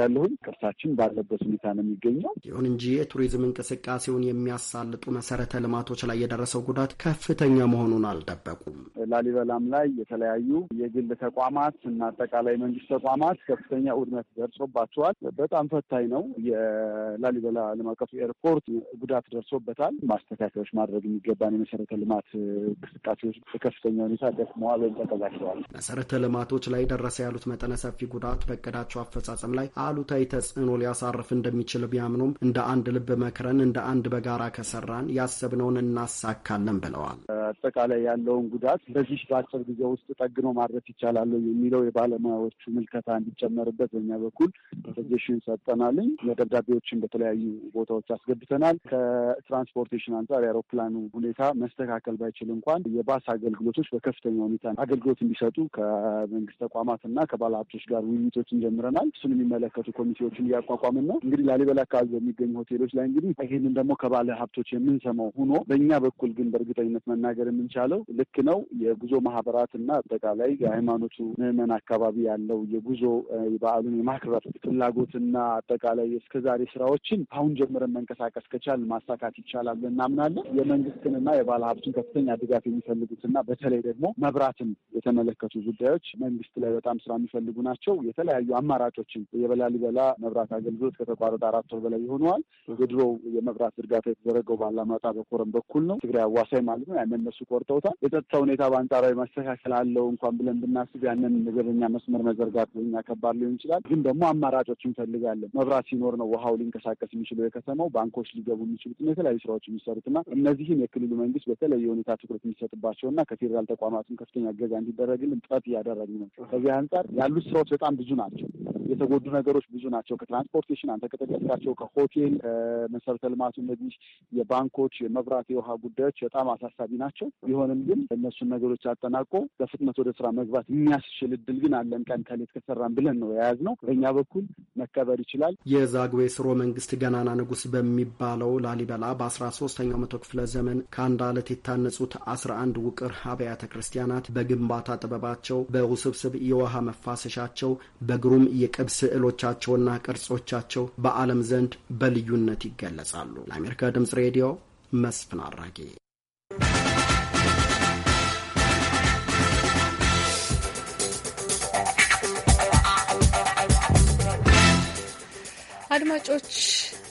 ያለሁኝ ቅርሳችን ባለበት ሁኔታ ነው የሚገኘው። ይሁን እንጂ የቱሪዝም እንቅስቃሴውን የሚያሳልጡ መሰረተ ልማቶች ላይ የደረሰው ጉዳት ከፍተኛ መሆኑን አልጠበቁም። ላሊበላም ላይ የተለያዩ የግል ተቋማት እና አጠቃላይ መንግስት ተቋማት ከፍተኛ ውድመት ደርሶባቸዋል። በጣም ፈታኝ ነው። የላሊበላ ዓለም አቀፍ ኤርፖርት ጉዳት ደርሶበታል። ማስተካከያዎች ማድረግ ማድረግ የሚገባን የመሰረተ ልማት እንቅስቃሴዎች በከፍተኛ ሁኔታ ደክመዋል ወይም ተቀዛቅዘዋል። መሰረተ ልማቶች ላይ ደረሰ ያሉት መጠነ ሰፊ ጉዳት በእቅዳቸው አፈጻጸም ላይ አሉታዊ ተጽዕኖ ሊያሳርፍ እንደሚችል ቢያምኑም እንደ አንድ ልብ መክረን እንደ አንድ በጋራ ከሰራን ያሰብነውን እናሳካለን ብለዋል። አጠቃላይ ያለውን ጉዳት በዚህ በአጭር ጊዜ ውስጥ ጠግኖ ማድረስ ይቻላል የሚለው የባለሙያዎቹ ምልከታ እንዲጨመርበት በኛ በኩል ፕሮፌሽን ሰጠናልኝ። ደብዳቤዎችን በተለያዩ ቦታዎች አስገብተናል። ከትራንስፖርቴሽን አንጻር የአውሮፕላን የአውሮፕላኑ ሁኔታ መስተካከል ባይችል እንኳን የባስ አገልግሎቶች በከፍተኛ ሁኔታ አገልግሎት እንዲሰጡ ከመንግስት ተቋማት እና ከባለሀብቶች ጋር ውይይቶችን ጀምረናል። እሱን የሚመለከቱ ኮሚቴዎችን እያቋቋምን ነው። እንግዲህ ላሊበላ አካባቢ በሚገኙ ሆቴሎች ላይ እንግዲህ ይህንን ደግሞ ከባለ ሀብቶች የምንሰማው ሆኖ በእኛ በኩል ግን በእርግጠኝነት መናገር የምንቻለው ልክ ነው። የጉዞ ማህበራት እና አጠቃላይ የሃይማኖቱ ምዕመን አካባቢ ያለው የጉዞ በዓሉን የማክበር ፍላጎትና አጠቃላይ እስከዛሬ ስራዎችን አሁን ጀምረን መንቀሳቀስ ከቻል ማሳካት ይቻላል እናምናለን። የመንግስትንና የባለ ሀብቱን ከፍተኛ ድጋፍ የሚፈልጉትና በተለይ ደግሞ መብራትን የተመለከቱ ጉዳዮች መንግስት ላይ በጣም ስራ የሚፈልጉ ናቸው። የተለያዩ አማራጮችን የበላሊበላ መብራት አገልግሎት ከተቋረጠ አራት ወር በላይ ይሆነዋል። የድሮው የመብራት ዝርጋታ የተደረገው ባላማጣ በኮረም በኩል ነው፣ ትግራይ አዋሳኝ ማለት ነው። ያንን እነሱ ቆርጠውታል። የጸጥታ ሁኔታ በአንጻራዊ መስተካከል አለው እንኳን ብለን ብናስብ ያንን መደበኛ መስመር መዘርጋት ለኛ ከባድ ሊሆን ይችላል። ግን ደግሞ አማራጮች እንፈልጋለን። መብራት ሲኖር ነው ውሃው ሊንቀሳቀስ የሚችለው የከተማው ባንኮች ሊገቡ የሚችሉትና የተለያዩ ስራዎች የሚሰሩትና እነዚህም የክልሉ መንግስት በተለየ ሁኔታ ትኩረት የሚሰጥባቸው የሚሰጥባቸውና ከፌዴራል ተቋማትም ከፍተኛ እገዛ እንዲደረግልን ጥረት እያደረግ ነው። ከዚህ አንጻር ያሉት ስራዎች በጣም ብዙ ናቸው። የተጎዱ ነገሮች ብዙ ናቸው። ከትራንስፖርቴሽን አንተ ከጠቀስካቸው ከሆቴል መሰረተ ልማቱ፣ እነዚህ የባንኮች፣ የመብራት፣ የውሃ ጉዳዮች በጣም አሳሳቢ ናቸው። ቢሆንም ግን እነሱን ነገሮች አጠናቆ በፍጥነት ወደ ስራ መግባት የሚያስችል እድል ግን አለን። ቀን ከሌት ከሰራን ብለን ነው የያዝነው። በእኛ በኩል መከበር ይችላል። የዛግዌ ስሮ መንግስት ገናና ንጉስ በሚባለው ላሊበላ በአስራ ሶስተኛው መቶ ክፍለ ዘመን ከአንድ አለት የታነጹት 11 ውቅር አብያተ ክርስቲያናት በግንባታ ጥበባቸው፣ በውስብስብ የውሃ መፋሰሻቸው፣ በግሩም የቅብ ስዕሎቻቸውና ቅርጾቻቸው በዓለም ዘንድ በልዩነት ይገለጻሉ። ለአሜሪካ ድምጽ ሬዲዮ መስፍን አራጌ። አድማጮች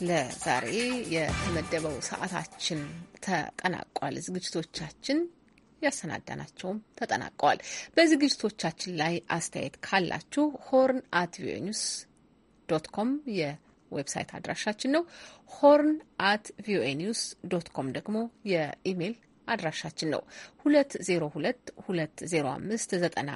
ለዛሬ የተመደበው ሰዓታችን ተጠናቋል። ዝግጅቶቻችን ያሰናዳናቸውም ተጠናቀዋል። በዝግጅቶቻችን ላይ አስተያየት ካላችሁ ሆርን አት ቪኦኤ ኒውስ ዶት ኮም የዌብሳይት አድራሻችን ነው። ሆርን አት ቪኦኤ ኒውስ ዶት ኮም ደግሞ የኢሜይል አድራሻችን ነው። ሁለት ዜሮ ሁለት ሁለት ዜሮ አምስት ዘጠና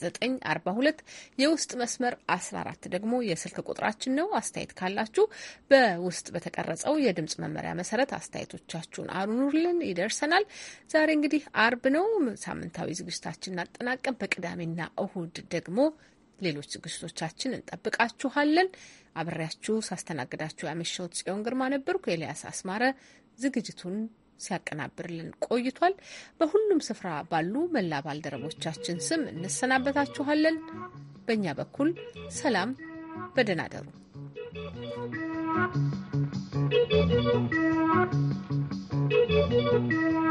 942 የውስጥ መስመር 14 ደግሞ የስልክ ቁጥራችን ነው። አስተያየት ካላችሁ በውስጥ በተቀረጸው የድምጽ መመሪያ መሰረት አስተያየቶቻችሁን አኑሩልን፣ ይደርሰናል። ዛሬ እንግዲህ አርብ ነው። ሳምንታዊ ዝግጅታችን እናጠናቀን። በቅዳሜና እሁድ ደግሞ ሌሎች ዝግጅቶቻችን እንጠብቃችኋለን። አብሬያችሁ ሳስተናግዳችሁ ያመሸሁት ጽዮን ግርማ ነበርኩ። ኤልያስ አስማረ ዝግጅቱን ሲያቀናብርልን ቆይቷል። በሁሉም ስፍራ ባሉ መላ ባልደረቦቻችን ስም እንሰናበታችኋለን። በእኛ በኩል ሰላም፣ በደህና ደሩ። Thank you.